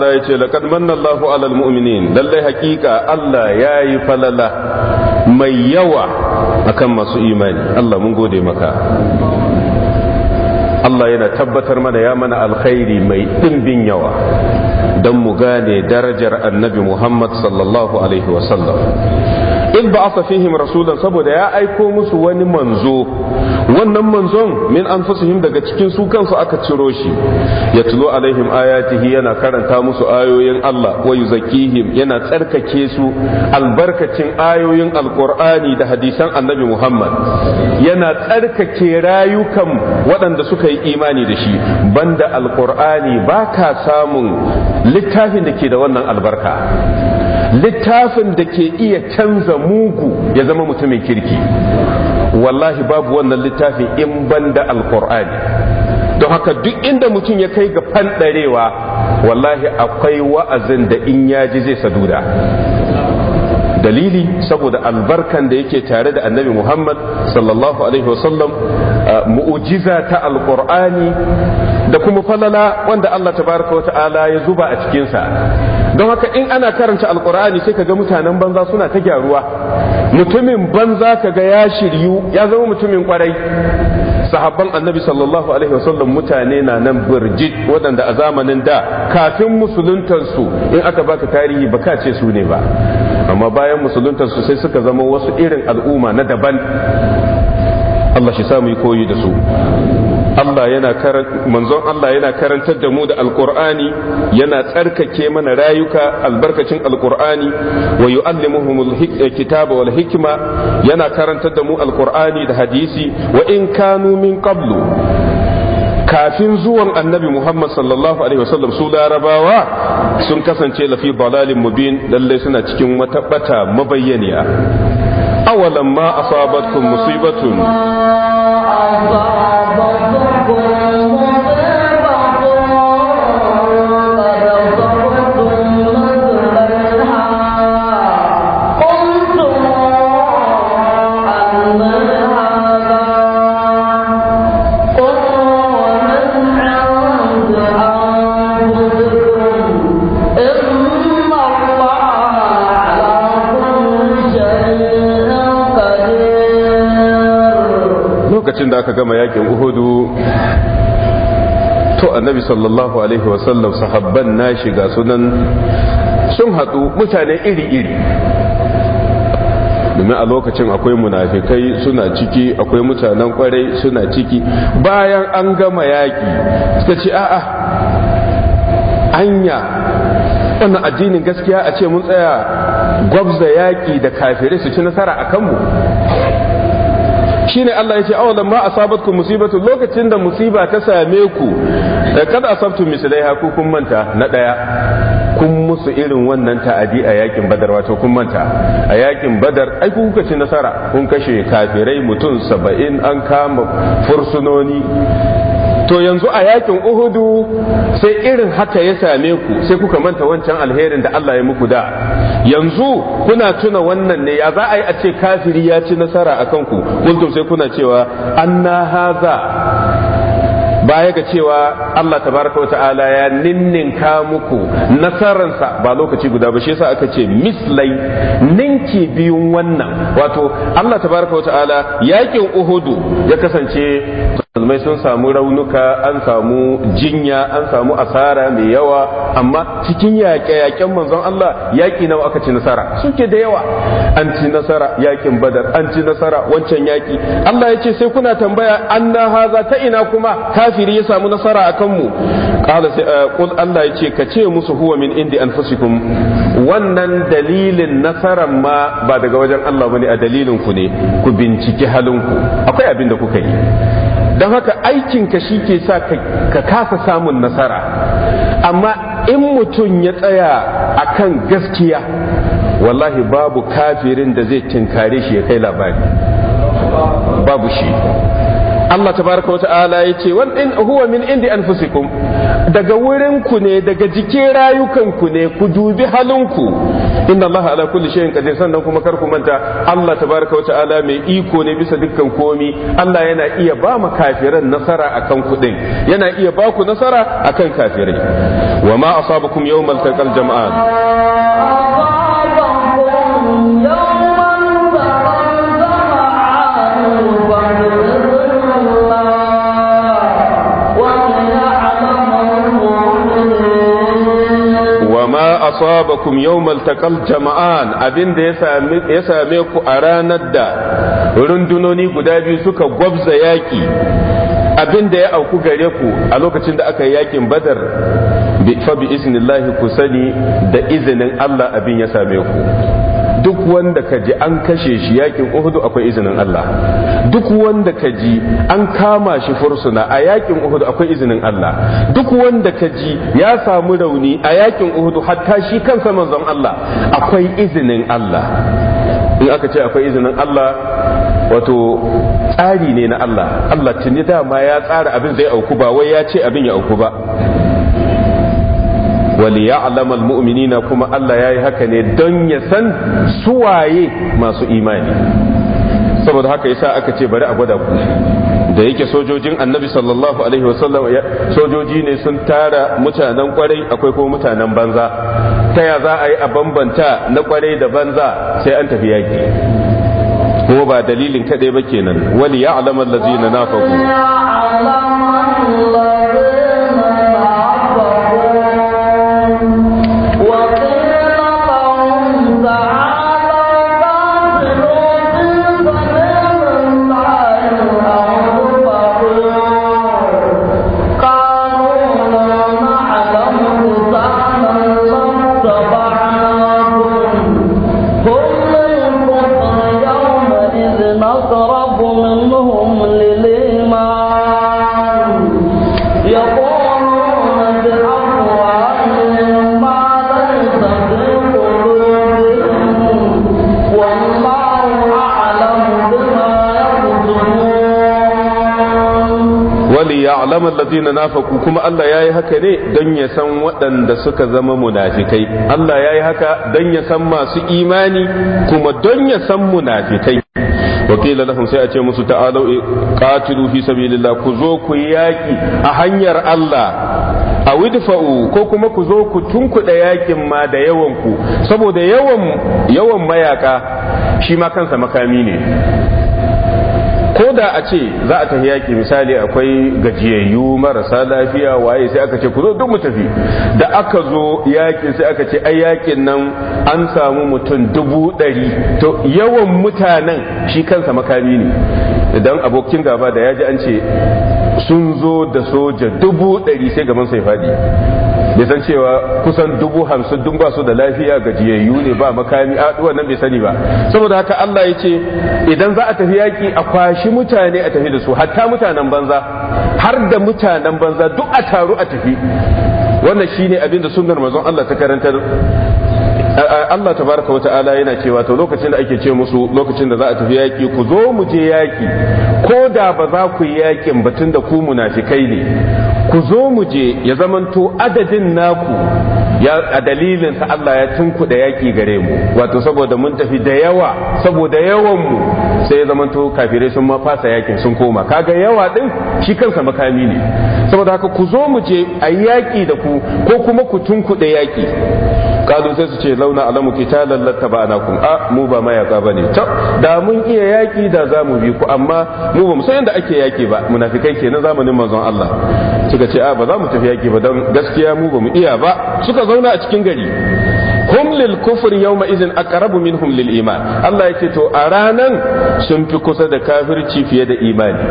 ta'ala ya ce laqad manna Allahu 'alal mu'minin lallai hakika Allah yayi falala mai yawa akan masu imani Allah mun gode maka Allah yana tabbatar mana ya mana alkhairi mai ɗimbin yawa don mu gane darajar annabi Muhammad sallallahu alaihi wasallam in ba asa fihim rasulan saboda ya aiko musu wani manzo wannan manzon min anfusihim daga cikin su kansu aka ciro shi ya tulo alaihim ayatihi yana karanta musu ayoyin Allah wa yuzakihim yana tsarkake su albarkacin ayoyin alqur'ani da hadisan annabi Muhammad yana tsarkake rayukan waɗanda suka yi imani da shi banda alqur'ani baka samun littafin da ke da wannan albarka littafin da ke iya canza mugu ya zama mutumin kirki wallahi babu wannan littafin in banda alkur'ani don haka duk inda mutum ya kai ga fanɗarewa wallahi akwai wa'azin da in yaji zai saduda dalili saboda albarkan da yake tare da annabi muhammad sallallahu alaihi wasallam mu'ujiza ta alkur'ani da kuma falala wanda allah tabaraka wa ta'ala ya zuba a cikinsa don haka in ana karanta alkur'ani sai ka ga mutanen banza suna ta gyaruwa mutumin banza ka ga ya shiryu ya zama mutumin kwarai sahabban annabi sallallahu alaihi wasallam mutane na nan birjit waɗanda a zamanin da kafin musuluntarsu in aka baka tarihi ba ka ce su ne ba amma bayan musuluntansu sai suka zama wasu irin al'umma na daban Allah shi samu koyi da su Allah yana manzon Allah yana karantar da mu da alqur'ani yana tsarkake mana rayuka albarkacin alqur'ani wa yu'allimuhumul eh, kitaba wal hikma yana karantar da mu alqur'ani da hadisi wa in kanu min qablu kafin zuwan annabi Muhammad sallallahu alaihi wasallam su larabawa sun kasance lafi dalalin mubin lalle suna cikin wata bata mabayyaniya awalan ma asabatkum musibatun lokacin da aka gama yakin uhudu to annabi sallallahu alaihi wasallam sahabban na shiga sunan sun haɗu mutane iri-iri domin a lokacin akwai munafikai suna ciki akwai mutanen kwarai suna ciki bayan an gama yaƙi suka ce a'a anya wannan addinin gaskiya a ce mun tsaya gwabza yaƙi da kafirai su ci nasara a kanmu shine Allah ya ce aw lamma asabatkum musibatu lokacin da musiba ta same ku eh, kada asabtum mislaiha ku kun manta na daya kun musu irin wannan ta'adi a yakin badar wato kun manta a yakin badar ai ku kuka ci nasara kun kashe kafirai mutum saba'in an kama fursunoni to yanzu a yakin uhudu sai irin haka ya same ku sai kuka manta wancan alherin da Allah ya muku da yanzu kuna tuna wannan ne ya za a yi a ce kafiri ya ci nasara a kanku kuntum sai kuna cewa anna haza baya ga cewa Allah tabaraka wata'ala ya ninninka muku nasararsa ba lokaci guda ba shi yasa aka ce mislai ninki biyun wannan wato Allah tabaraka wata'ala yakin Uhudu ya kasance musulmai sun samu raunuka an samu jinya an samu asara mai yawa amma cikin yaƙe-yaƙen manzon Allah yaƙi nawa aka ci nasara suke da yawa an ci nasara yaƙin badar an ci nasara wancan yaƙi Allah ya ce sai kuna tambaya an na haza ta ina kuma ka kafiri ya samu nasara a kanmu ƙul eh, Allah ya ce ka ce musu huwa min indi anfusikum wannan dalilin nasaran ma ba daga wajen Allah bane a dalilin ku ne ku binciki halinku akwai abin da kuka yi don haka aikin ka shi ke sa ka kasa samun nasara amma in mutum ya tsaya a kan gaskiya wallahi babu kafirin da zai tinkare shi ya kai labari babu shi Allah tabaraka wata'ala ya ce huwa min indi anfusikum daga wurin ku ne daga jikin rayukan ku ne ku dubi halinku inna Allah ala kulli shay'in qadir sannan kuma kar ku manta Allah tabaraka wata'ala mai iko ne bisa dukkan komi Allah yana iya ba mu kafiran nasara akan kuɗin yana iya ba ku nasara akan kafirai wa ma asabakum yawmal taqal jama'an asabakum yawmal taqal jama'an abinda ya same ku a ranar da rundunoni guda biyu suka gwabza yaki abinda ya auku gare ku a lokacin da aka yi yakin badar fa bi isnillahi ku sani da izinin Allah abin ya same ku duk wanda ka ji an kashe shi yakin uhudu akwai izinin Allah duk wanda ka ji an kama shi fursuna a yakin uhudu akwai izinin Allah duk wanda ka ji ya samu rauni a yakin uhudu hatta shi kansa manzon Allah akwai izinin Allah in aka ce akwai izinin Allah wato tsari ne na Allah Allah tuni dama ya tsara abin zai auku ba wai ya ce abin ya auku ba وليعلم المؤمنين كما ya yi haka ne don ya san suwaye masu imani saboda haka yasa aka ce bari a gwada ku da yake sojojin annabi sallallahu alaihi wasallam sojoji ne sun tara mutanen kwarai akwai kuma mutanen banza ta ya za a yi a bambanta na kwarai da banza sai an tafi yaki ko ba dalilin kaɗai ba kenan wali ya alamar lazina na ladina nafaku kuma Allah ya yi haka ne don ya san waɗanda suka zama munafikai Allah ya yi haka don ya san masu imani kuma don ya san munafikai wakila lahum sai a ce musu ta'alu eh, qatilu fi sabilillah ku zo ku yaki a hanyar Allah a widfa'u ko kuma ku zo ku tunkuɗa yakin ma da yawan ku saboda yawan yawan mayaka shi ma kansa makami ne ko da a ce za a tafi yaki misali akwai gajiyayyu marasa lafiya waye sai aka ce ku zo duk mu tafi da aka zo yaki sai aka ce ai yakin nan an samu mutum dubu ɗari to yawan mutanen shi kansa makami ne idan abokin gaba da ya ji an ce sun zo da soja dubu ɗari sai gaban sai fadi ya san cewa kusan dubu hamsin dun ba su da lafiya gajiyayyu ne ba makami a wannan bai sani ba saboda haka Allah ya ce idan za a tafi yaƙi a kwashi mutane a tafi da su hatta mutanen banza har da mutanen banza duk a taru a tafi wannan shine abin da sunnar manzon Allah ta karanta. Allah tabaraka wata'ala yana cewa to lokacin da ake ce musu lokacin da za a tafi yaki ku zo mu je yaki ko da ba za ku yi yakin ba tun da ku munafikai ne ku zo mu je ya zamanto adadin naku ya a dalilin sa Allah ya tunku da yaki gare mu wato saboda mun tafi da yawa saboda yawan mu sai ya zamanto kafire sun ma fasa yakin sun koma kaga yawa din shi kansa makami ne saboda haka ku zo mu je a yaki da ku ko kuma ku tunku da yaki kalu sai su ce launa alamu qitalan lattaba'nakum a ah, mu ba mayaka ba ne to da mun iya yaki da zamu bi ku amma mu ba mu san ake yaki ba munafikai kenan zamanin manzon Allah suka ce a ah, ba za mu tafi yaki ba don gaskiya mu ba mu iya ba suka zauna a cikin gari hum lil kufri yawma idhin aqrabu minhum lil iman Allah yake to a ranan sun fi kusa da kafirci fiye da imani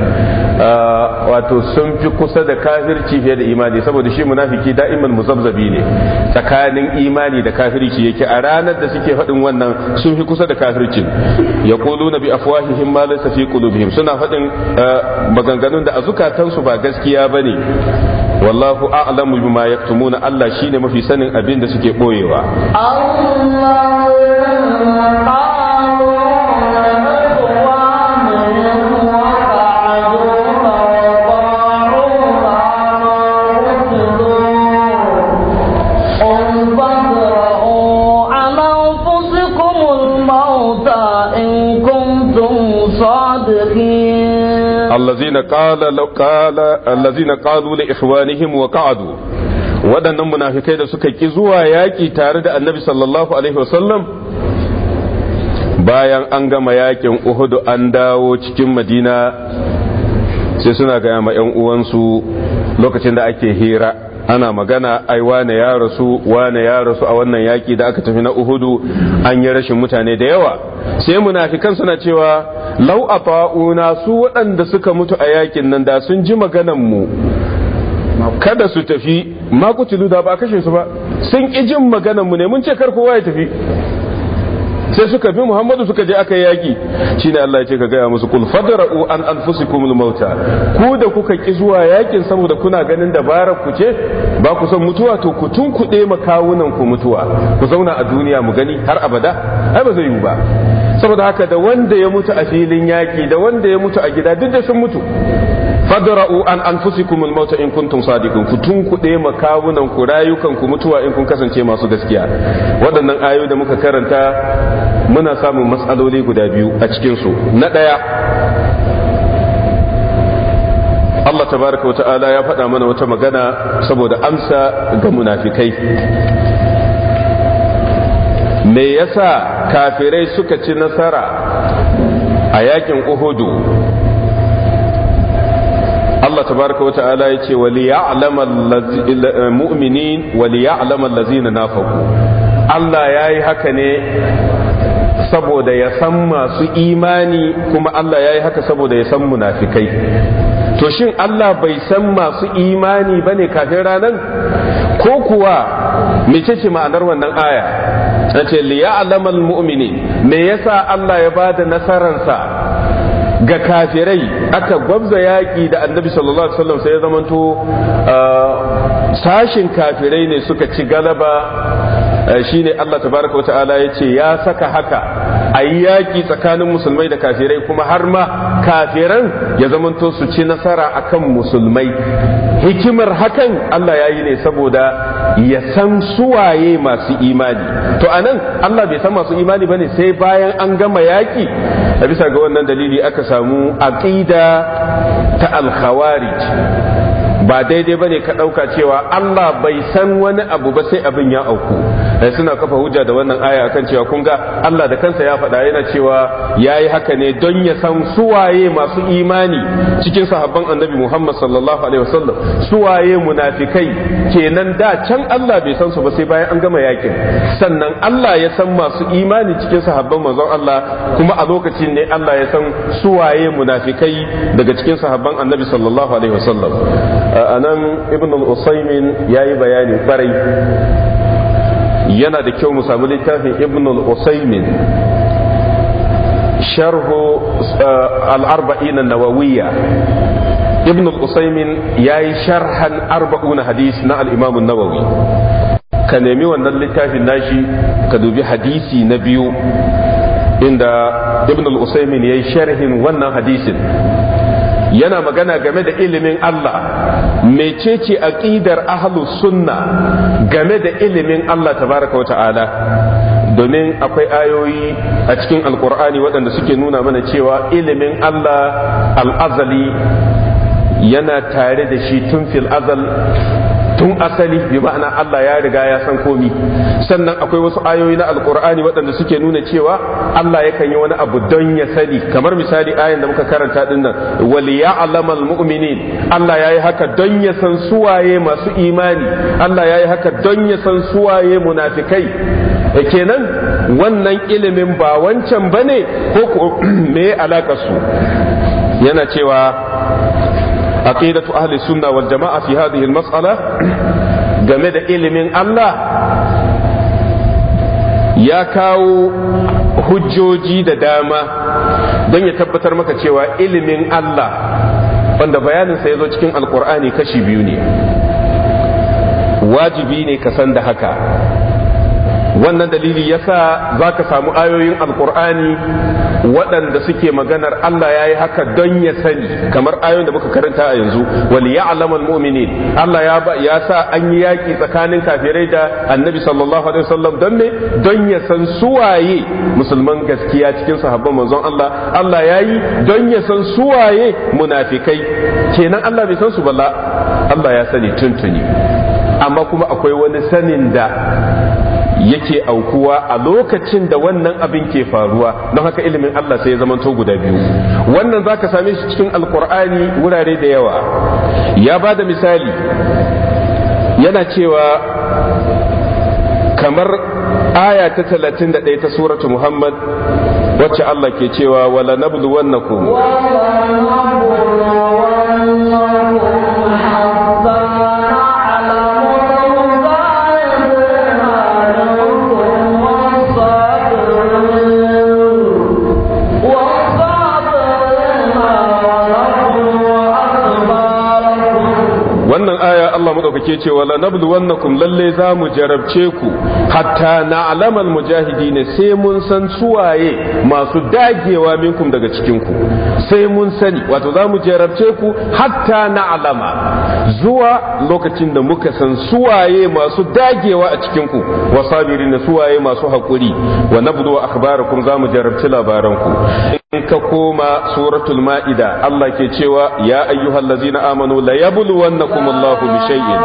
ah, wato sun fi kusa da kafirci fiye da imani saboda shi munafiki da'iman muzabzabi ne tsakanin imani da kafirci yake a ranar da suke faɗin wannan sun fi kusa da kafircin yaquluna bi afwahihim ma laysa fi qulubihim suna faɗin ah, maganganun da azukatansu ba gaskiya bane wallahu a'lamu bima yaktumuna Allah shine mafi sanin abin da suke boyewa Allah قال قال الذين قالوا لاخوانهم وقعدوا waɗannan munafikai da suka ki zuwa yaƙi tare da annabi sallallahu alaihi wasallam bayan an gama yaƙin uhudu an dawo cikin madina sai suna gaya ma 'yan uwansu lokacin da ake hira ana magana ai wane ya rasu wane ya rasu a wannan yaki da aka tafi na uhudu an yi rashin mutane da yawa sai munafikan suna cewa lau a fa'una su waɗanda suka mutu a yakin nan da sun ji maganan kada su tafi makutilu da ba kashe su ba sun ƙi jin maganan mu ne mun ce kar kowa ya tafi sai suka bi muhammadu suka je aka yaki ne Allah ya ce ka gaya musu kul fadra'u an kumul mauta ku da kuka ki zuwa yakin saboda kuna ganin dabarar ku ce ba ku san mutuwa to ku tunkuɗe makawunan ku mutuwa ku zauna a duniya mu gani har abada ai ba zai yiwu ba saboda haka da wanda ya mutu a filin yaƙi da wanda ya mutu a gida duk da sun mutu fadra'u an anfusikum al in kuntum sadiqun ku tunkuɗe makawunan ku rayukan ku mutuwa in kun kasance masu gaskiya waɗannan ayoyi da muka karanta muna samun matsaloli guda biyu a cikin su na ɗaya Allah tabaraka wa ta'ala ya faɗa mana wata magana saboda amsa ga munafikai me yasa kafirai suka ci nasara a yakin uhudu Allah tabaraka wa ta'ala ya ce mu'minin waliya'lama allazina nafaqu Allah yayi haka ne saboda ya san masu imani kuma Allah yayi haka saboda ya san munafikai to shin Allah bai san masu imani bane kafin ranan ko kuwa mecece ma'anar wannan aya a ce alamal mu'mini me yasa Allah ya bada nasararsa ga kafirai aka gwabza yaƙi da annabi sallallahu alaihi wasallam sai ya zamanto uh, sashin kafirai ne suka ci galaba eh, shine Allah tabaraka wa ta'ala ya ce ya saka haka a yi yaƙi tsakanin musulmai da kafirai kuma har ma kafiran ya zamanto su ci nasara akan musulmai hikimar hakan Allah ya yi ne saboda ya san suwaye masu imani to anan Allah bai san masu imani bane sai bayan an gama yaƙi a bisa ga wannan dalili aka samu aqida ta al ba daidai ba bane ka ɗauka cewa Allah bai san wani abu ba sai abin ya auku sai eh, suna kafa hujja da wannan aya akan cewa kun ga Allah da kansa ya faɗa yana cewa yayi haka ne don ya san suwaye masu imani cikin sahabban Annabi Muhammad sallallahu alaihi wasallam suwaye munafikai kenan da can Allah bai san su ba sai bayan an gama yakin sannan Allah ya san masu imani cikin sahabban manzon Allah kuma a lokacin ne Allah ya san suwaye munafikai daga cikin sahabban Annabi sallallahu alaihi wasallam a nan ibn al-usaimin ya yi bayani farai, yana da kyau mu samu littafin ibn al-usaimin sharhu al-arba'in nawawiyya ibn al-usaimin ya yi sharhan arba'una hadis na al-imam nawawi ka nemi wannan littafin nashi ka dubi hadisi na biyu inda ibn al-usaimin ya yi sharhin wannan hadisin yana magana game da ilimin Allah mecece aqidar ahlus sunna game da ilimin Allah tabaraka wa ta'ala domin akwai ayoyi a cikin alkur'ani waɗanda suke nuna mana cewa ilimin Allah al azali yana tare da shi tun fil azal tun asali bi ma'ana Allah ya riga ya san komi sannan akwai wasu ayoyi na alkur'ani waɗanda suke nuna cewa Allah yakan yi wani abu don ya sani kamar misali ayan da muka karanta din nan wal ya'lamal mu'minin Allah ya yi haka don ya san suwaye masu imani Allah ya yi haka don ya san suwaye munafikai eh, kenan wannan ilimin ba wancan bane ko me alaka su yana cewa aqidatu ahli sunna wal jama'a fi hadhihi al mas'ala game da ilimin Allah ya kawo hujjoji da dama don ya tabbatar maka cewa ilimin Allah wanda bayaninsa ya zo cikin alkur'ani kashi biyu ne wajibi ne ka san da haka wannan dalili yasa za ka samu ayoyin alkur'ani waɗanda suke maganar Allah ya yi haka don ya sani kamar ayoyin da muka karanta a yanzu wani ya alaman mumini Allah ya ya sa an yi yaƙi tsakanin kafirai da annabi sallallahu alaihi wasallam don me don ya san suwaye musulman gaskiya cikin sahabban manzon Allah Allah ya yi don ya san suwaye munafikai kenan Allah bai san su balla Allah ya sani tuntuni amma kuma akwai wani sanin da yake aukuwa a lokacin da wannan abin ke faruwa don haka ilimin Allah sai ya to guda biyu wannan zaka same shi cikin alkur'ani wurare da yawa ya ba da misali yana cewa kamar aya ta 31 ta suratu Muhammad wacce Allah ke cewa wala nabluwannakum wannakum madaukake ce wala wannakum lalle za mu jarabce ku hatta na na'lamal mujahidin sai mun san suwaye masu dagewa minkum daga cikin ku sai mun sani wato za mu jarabce ku hatta na alama zuwa lokacin da muka san suwaye masu dagewa a cikin ku wasabirin suwaye masu hakuri wa nabdu akhbarakum za mu jarabci labaran ku ka koma suratul ma'ida Allah ke cewa ya ayyuhallazina amanu la yabluwannakum Allahu bi shay'in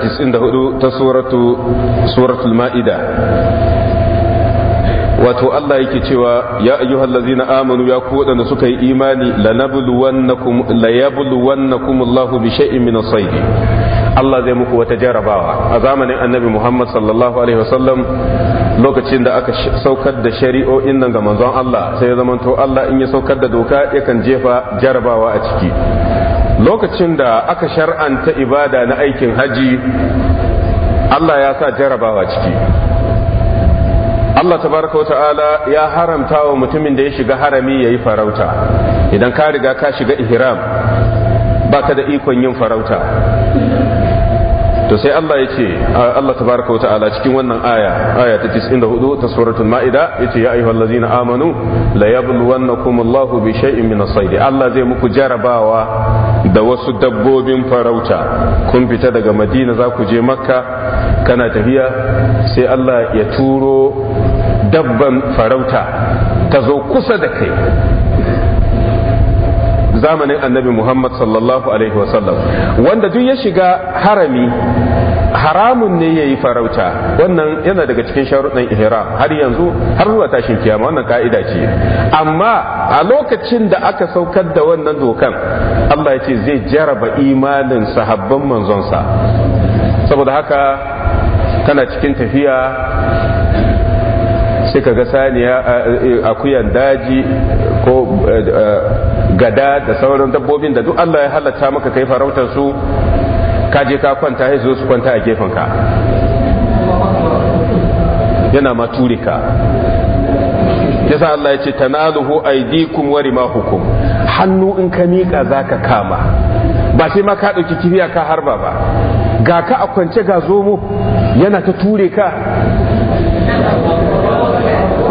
94 ta suratu suratul ma'ida wato Allah yake cewa ya ayyuhal ladzina amanu ya ku wadanda suka yi imani lanabluwannakum layabluwannakum Allahu bi shay'in min as-sayd Allah zai muku wata jarabawa a zamanin Annabi Muhammad sallallahu alaihi wasallam lokacin da aka saukar da shari'o'in nan ga manzon Allah sai ya zamanto Allah in ya saukar da doka yakan jefa jarabawa a ciki lokacin da aka shar'anta ibada na aikin haji Allah ya sa jarabawa ciki Allah baraka wa ta'ala ya haramta wa mutumin da ya shiga harami ya yi farauta idan ka riga ka shiga ihram ka da ikon yin farauta to sai Allah ya ce Allah baraka wa ta'ala cikin wannan aya aya ta 94 ta suratul ma'ida ce ya ayyuhal ladzina amanu la yabluwannakum Allahu bi shay'in min as-sayd Allah zai muku jarabawa da wasu dabbobin farauta kun fita daga madina za ku je makka kana tafiya sai allah ya turo dabban farauta ta zo kusa da kai zamanin annabi muhammad sallallahu alaihi wasallam wanda duk ya shiga harami haramun ne ya yi farauta wannan yana daga cikin sharuɗin ihram har yanzu har zuwa tashin kiyama wannan ka'ida ce amma a lokacin da aka saukar da wannan dokan Allah ya ce zai jaraba imanin sahabban manzonsa saboda haka kana cikin tafiya sai ka ga saniya eh, akuyan daji ko eh, gada da sauran dabbobin da duk Allah ya halatta maka kai farautar su ka je ka kwanta ya zo su kwanta a gefen ka yana ma ka. yasa Allah ya ce tanaluhu aydikum wa rimahukum hannu in ka mika zaka kama ba sai ma ka dauki kibiya ka harba ba ga ka a kwance ga zomo yana ta ture ka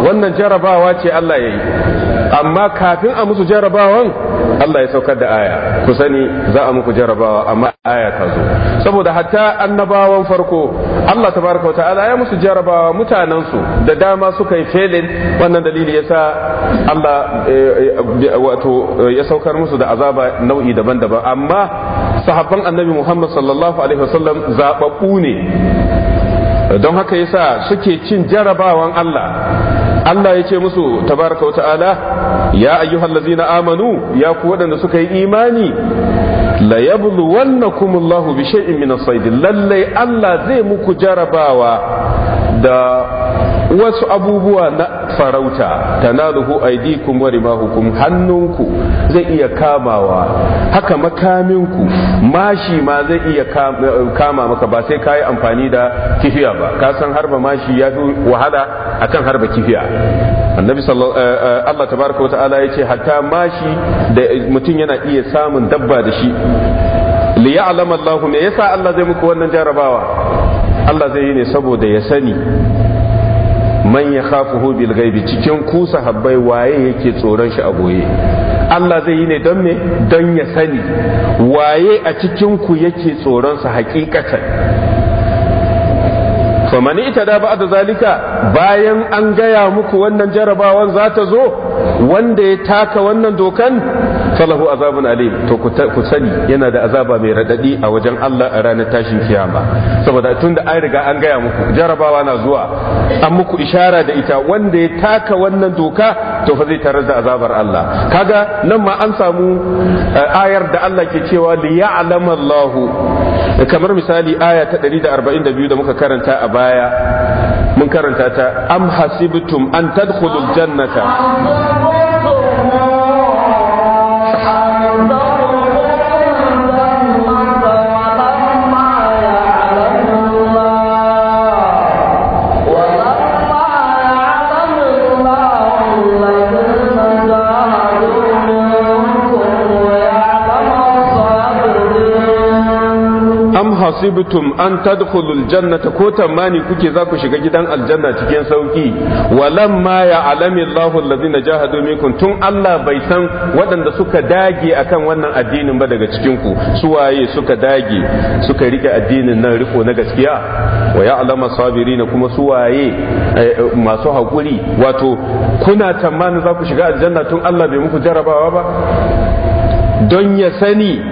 wannan jarabawa ce Allah ya yi amma kafin a musu jarabawan Allah ya saukar da aya ku sani za a muku jarabawa amma aya ta zo saboda hatta annabawan farko Allah tabaraka wa ta'ala ya musu jarabawa mutanen su da dama suka yi felin wannan dalili yasa Allah eh, eh, wato eh, ya saukar musu da azaba nau'i daban-daban amma sahabban annabi Muhammad sallallahu alaihi wasallam zababbu ne don haka yasa suke cin jarabawan Allah Allah ya ce musu tabaraka wa ta'ala ya ayyuhallazina amanu ya ku waɗanda suka yi imani la yabluwannakum Allahu bi shay'in min as-sayd lallai Allah zai muku jarabawa da wasu abubuwa na farauta tanaluhu aydikum wa rimahukum hannunku zai iya kamawa haka makaminku mashi ma zai iya kama maka ba sai kayi amfani da kifiya ba ka san harba mashi ya fi wahala akan harba kifiya annabi eh, eh, Allah tabaraka wata'ala ya ce hatta mashi da mutum yana iya samun dabba da shi li Allah me yasa Allah zai muku wannan jarabawa Allah zai yi ne saboda ya sani man ya khafuhu bil gaibi cikin kusa habbai waye yake tsoron shi a goye Allah zai yi ne don me don ya sani waye a cikin ku yake tsoron sa hakikatan man ita da ba'da zalika bayan an gaya muku wannan jarabawan za ta zo wanda ya taka wannan dokan falahu azabun alim to ku sani yana da azaba mai radadi a wajen Allah a ranar tashin kiyama saboda tun da an riga an gaya muku jarabawa na zuwa an muku ishara da ita wanda ya taka wannan doka to fa zai tarar da azabar Allah kaga nan ma an samu eh, ayar da Allah ke cewa li ya'lama Allah kamar misali aya ta 142 da muka karanta a baya mun karanta ta am hasibtum an tadkhulul jannata hasibtum an tadkhulul jannata ko tamani kuke za ku shiga gidan aljanna cikin sauki walamma ya alami Allahu allazina jahadu minkum tun Allah bai san waɗanda suka dage akan wannan addinin ba daga cikin ku su waye suka dage suka rike addinin nan riko na gaskiya wa ya'lamu sabirina kuma su waye masu hakuri wato kuna tamani za ku shiga aljanna tun Allah bai muku jarabawa ba don ya sani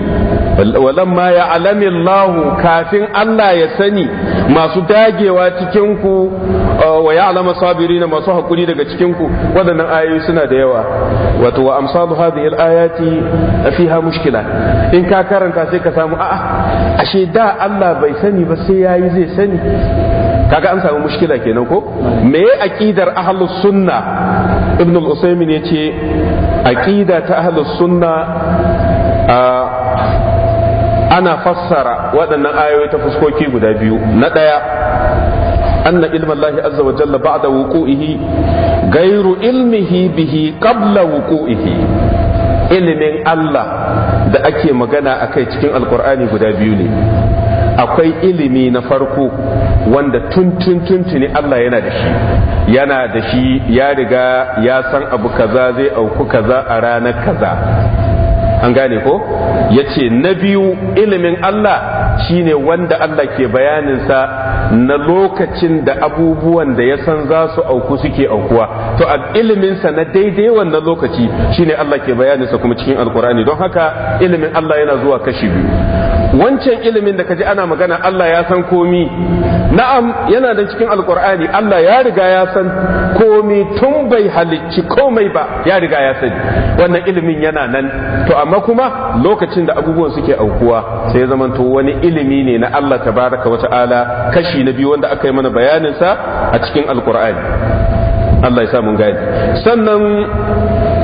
walan ma ya alamillahu kafin Allah ya sani masu dagewa cikinku uh, wa ya alama sabiri na masu haƙuri daga cikinku waɗannan ayoyi suna da yawa wato wa amsalu hadhihi al fiha mushkila in ka karanta sai ka samu a'a ashe da Allah bai sani ba sai yayi zai sani kaga an samu mushkila kenan ko me aqidar ahlus sunna ibn usaymin yace aqida ta ahlus sunna uh, ana fassara waɗannan ayoyi ta fuskoki guda biyu na ɗaya wa jalla الله da وجل بعد Gairu ilmihi bihi به قبل وقوعه ilimin Allah da ake magana a kai cikin alkur'ani guda biyu ne akwai ilimi na farko wanda tuntun tuntuni Allah yana da shi yana da shi ya riga ya san abu kaza zai auku kaza a ranar kaza an gane ko ya ce na biyu ilimin Allah shine wanda Allah ke bayaninsa na lokacin da abubuwan da ya san za su auku suke aukuwa to a iliminsa na daidai wannan lokaci shine Allah ke bayaninsa kuma cikin alkurani don haka ilimin Allah yana zuwa kashi biyu wancan ilimin da kaji ana magana Allah ya san komi na'am yana da cikin alkur'ani Allah ya riga ya san komi tun bai halicci komai ba ya riga ya sani wannan ilimin yana nan to amma kuma lokacin da abubuwan suke aukuwa sai zamanto wani ilimi ne na Allah tabaraka wata'ala kashi na biyu wanda aka yi mana bayanin sa a cikin alkur'ani Allah ya sa mun gani sannan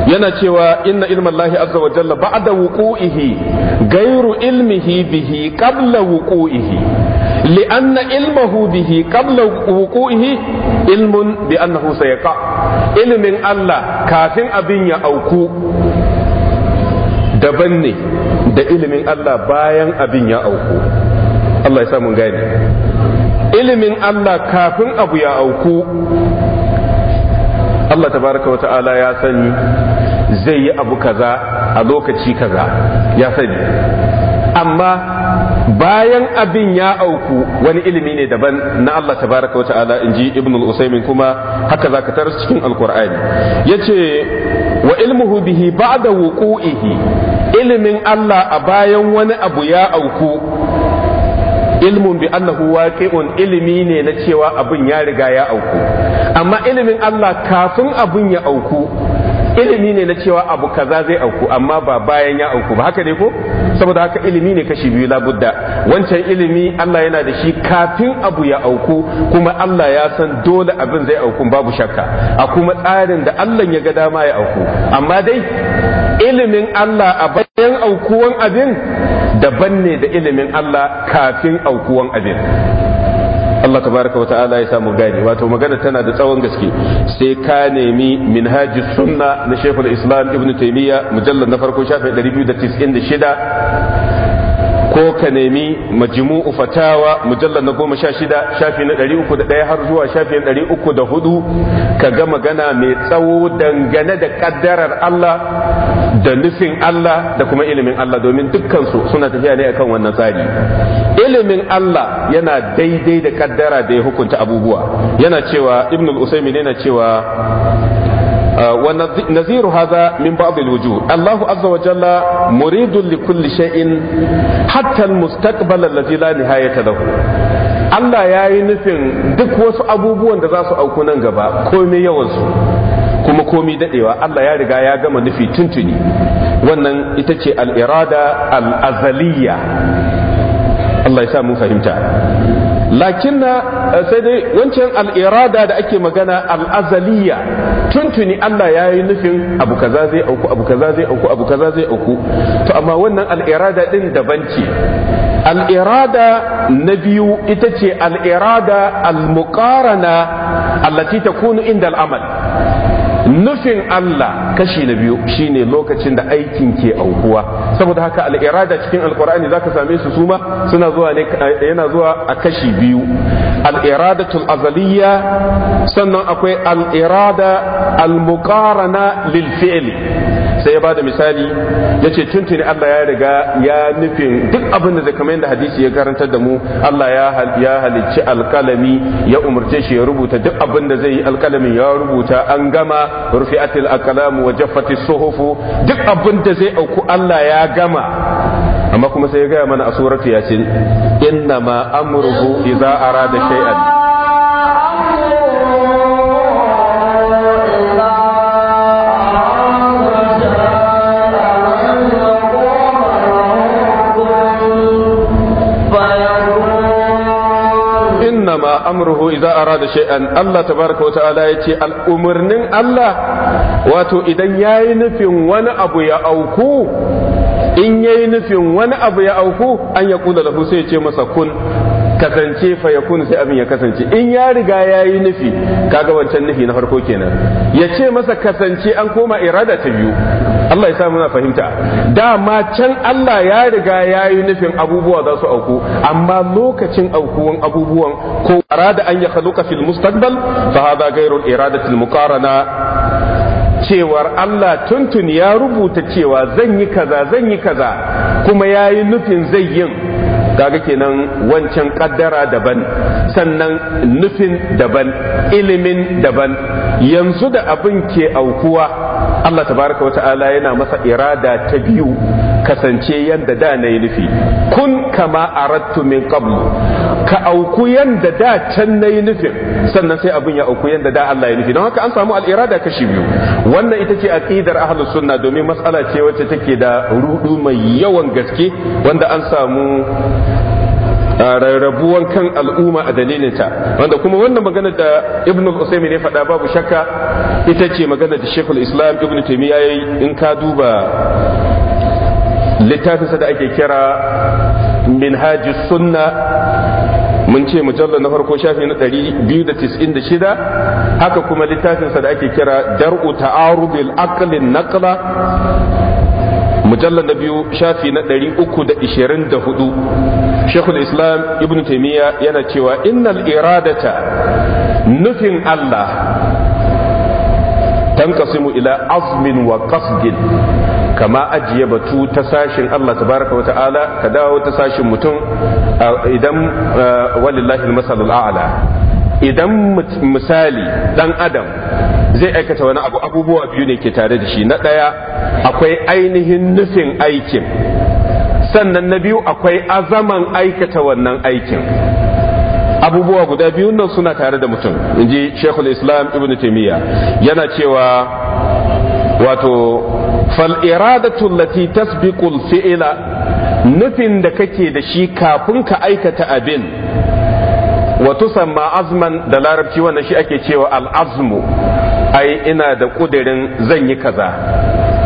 yana cewa inna ilmallahi azza wa jalla ba'da wuqu'ihi gairu ilmihi bihi qabla wuqu'ihi لأن علمه به قبل وقوعه علم بأنه سيقع علم الله كافٍ أبين يأوكو daban ne da ilimin Allah bayan abin ya auku Allah ya samu gani ilimin Allah kafin abu ya auku Allah tabaraka wa ta'ala ya sani zai yi abu kaza a lokaci kaza ya sani amma bayan abin ya auku wani ilimi ne daban na Allah tabaraka wa ta'ala in ji ibn al kuma haka zaka tarar cikin ya yace wa ilmuhu bihi ba'da wuqu'ihi ilimin Allah a bayan wani abu ya auku ilmun bi annahu waqi'un ilimi ne na cewa abun ya riga ya auku amma ilimin Allah kafin abun ya auku ilimi ne na cewa abu kaza zai auku amma ba bayan ya auku ba haka ne ko saboda haka ilimi ne kashi biyu labudda wancan ilimi Allah yana da shi kafin abu ya auku kuma Allah ya san dole abin zai auku babu shakka a kuma tsarin da Allah ya ga dama ya auku amma dai ilimin Allah a bayan aukuwan abin daban ne da ilimin Allah kafin aukuwan abin Allah tabaraka wa ta'ala ya samu gani wato magana tana da tsawon gaske sai ka nemi minhaji sunna na shekul islam ibn taimiyya mujallar na farko shafi 296 ko ka nemi majmu'u fatawa mujallar na goma sha shida shafi na ɗari uku da ɗaya har zuwa shafi na ɗari uku da hudu ka ga magana mai tsawo dangane da ƙaddarar Allah da nufin Allah da kuma ilimin Allah domin dukkansu suna tafiya ne akan wannan tsari ilimin Allah yana daidai da ƙaddara da ya hukunta abubuwa yana cewa ibnul usaimin yana cewa ونظير هذا من بعض الوجوه الله عز وجل مريد لكل شيء حتى المستقبل الذي لا نهاية له Allah ya yi nufin duk wasu abubuwan da za su auku nan gaba komai yawansu kuma komai daɗewa Allah ya riga ya gama nufi tuntuni wannan ita ce al'irada azaliya. Allah ya sa mun fahimta lakin na eh, sai dai wancan al'irada da ake magana al'azaliya tuntuni Allah ya yi nufin abu kaza zai auku abu kaza zai auku abu kaza zai auku to amma wannan al'irada ɗin daban ce al'irada na biyu ita ce al'irada al-muqarana allati takunu inda al'amal nufin Allah kashi na biyu shine lokacin da aikin ke aukuwa saboda haka al'irada cikin alkur'ani zaka same su suma suna zuwa ne yana zuwa a kashi biyu al'iradatul azaliyya sannan akwai al'irada al-muqarana lil sai ya ba da misali yace tuntuni Allah ya riga ya nufin duk abin da zai kamar yadda hadisi ya karantar da mu Allah ya halicci alkalami ya umarce shi ya rubuta duk abin da zai yi alkalamin ya rubuta an gama rufi'atil aqlam wa jaffati suhuf duk abin da zai auku Allah ya gama amma kuma sai ya gaya mana a suratu yasin inna ma amruhu idza arada shay'an amruhu idza arada shay'an Allah tabaraka wata'ala yace al'umurnin Allah wato idan yayi nufin wani abu ya auku in yayi nufin wani abu ya auku an ya kula lahu sai ce masa kun kasance fa yakun sai abin ya kasance in ya riga yayi nufi kaga wancan nufi na farko kenan yace masa kasance an koma irada ta biyu Allah ya sa muna fahimta dama can Allah ya riga ya yi nufin abubuwa za su auku amma lokacin aukuwan abubuwan ko arada an ya khaluqa fil mustaqbal fa hada ghairu iradati al muqarana cewar Allah tuntun ya rubuta cewa zan yi kaza zan yi kaza kuma ya yi nufin zai yin kaga kenan wancan kaddara daban sannan nufin daban ilimin daban yanzu da abin ke aukuwa Allah tabaraka wata'ala yana masa irada ta biyu kasance yadda da na yi nufi kun kama a rattu min qablu ka auku yadda da can na yi nufi sannan sai abin ya auku yadda da Allah ya nufi don haka an samu al'irada kashi biyu wannan ita ce aqidar ahlus sunna domin matsala ce wacce take da rudu mai yawan gaske wanda an samu rarrabuwan kan al'umma a dalilinta wanda kuma wannan magana da ibn al ya faɗa babu shakka ita ce magana da shekul islam ibn taymiya in ka duba littafinsa da ake kira minhaji sunna mun ce mujallar na farko shafi na 296 haka kuma littafinsa da ake kira dar'u ta'arudil aqlin naqla mujallar na biyu shafi na 324 shekul islam ibn taimiyya yana cewa innal iradata nufin allah tankasimu ila azmin wa qasdin kama ajiye batu ta sashin Allah tabaraka wata'ala ka dawo ta sashin mutum idan walillahi masalul a'la idan misali dan adam zai aikata wani abu abubuwa biyu ne ke tare da shi na ɗaya akwai ainihin nufin aikin sannan na biyu akwai azaman aikata wannan aikin abubuwa guda biyu nan suna tare da mutum inji ji shekul islam ibn taimiyya yana cewa wato da التي تسبق الفعل nufin da kake da shi kafin ka aikata abin wa samma azman da larabci wannan shi ake cewa al'azmu ai ina da kudirin zan yi kaza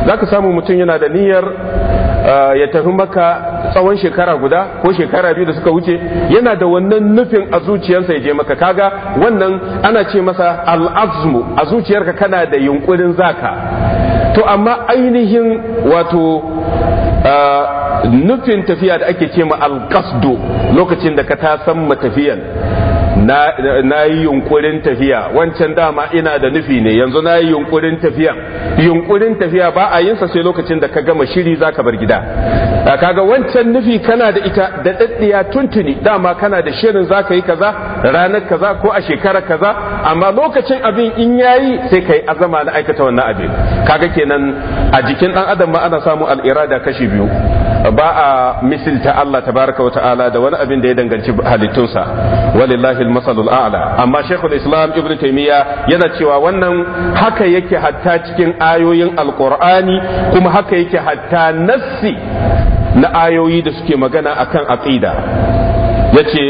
za ka samu mutum yana da niyyar ya tafi maka tsawon shekara guda ko shekara biyu da suka wuce yana da wannan nufin a zuciyarsa ya je maka kaga wannan ana ce masa al'azmu a zuciyarka kana da yunkurin zaka to amma ainihin wato nufin tafiya da ake ce ma alƙasdo lokacin da ka tasan matafiyan na yi yunkurin tafiya wancan dama ina da nufi ne yanzu na yi yunkurin tafiya yunkurin tafiya ba a yinsa sai lokacin da ka gama shiri za ka bar gida kaga wancan nufi kana da ita da daddiya tuntuni dama kana da shirin za ka yi kaza ranar kaza ko a shekarar kaza amma lokacin abin in ya yi sai ka yi azama na aikata wannan abin kaga kenan a jikin dan adam ma ana samun al'irada kashi biyu ba a misilta Allah tabaraka wa ta'ala da wani abin da ya danganci halittunsa walillahi al-masalul a'la amma shaykhul islam ibnu taymiya yana cewa wannan haka yake hatta cikin ayoyin alqur'ani kuma haka yake hatta nassi na ayoyi da suke magana akan aqida yace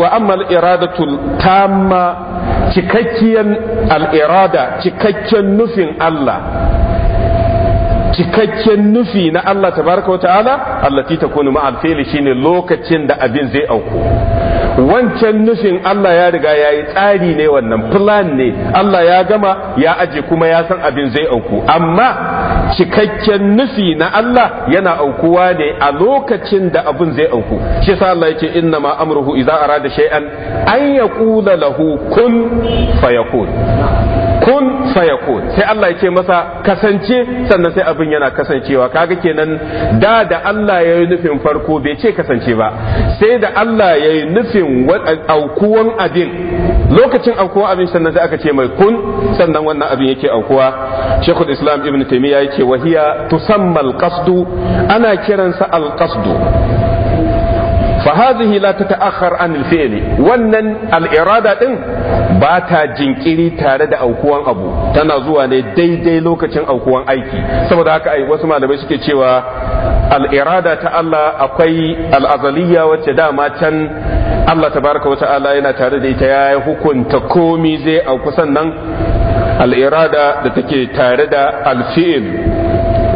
wa amma al-iradatu tamma cikakken al-irada cikakken nufin Allah cikakken nufi na Allah Ta tabaraka wata'ala allati takunu ma'al shi shine lokacin da abin zai auku wancan nufin Allah ya riga ya yi tsari ne wannan plan ne Allah ya gama ya aje kuma ya san abin zai auku amma cikakken nufi na Allah yana aukuwa ne a lokacin da abin zai auku shi sa Allah yake inna ma amruhu idza arada shay'an an yaqula lahu kun fayakun kun fayako sai Allah ya ce masa kasance sannan sai abin yana kasancewa kaga kenan da da Allah ya yi nufin farko bai ce kasance ba sai da Allah ya yi nufin aukuwan abin lokacin aukuwan abin sannan sai aka ce mai kun sannan wannan abin yake aukuwa shekul islam ibn taimiyya ya ce wahiya tusammal qasdu ana kiransa al qasdu fa hadhihi la tata'akhkhar an al wannan al'irada irada din ba ta jinkiri tare da aukuwan abu tana zuwa ne daidai lokacin aukuwan aiki saboda haka ai wasu malamai suke cewa Al'irada ta Allah akwai al-azaliyya wacce dama can Allah tabaraka wa yana tare da ita ya hukunta komi zai auku sannan al'irada irada da take tare da al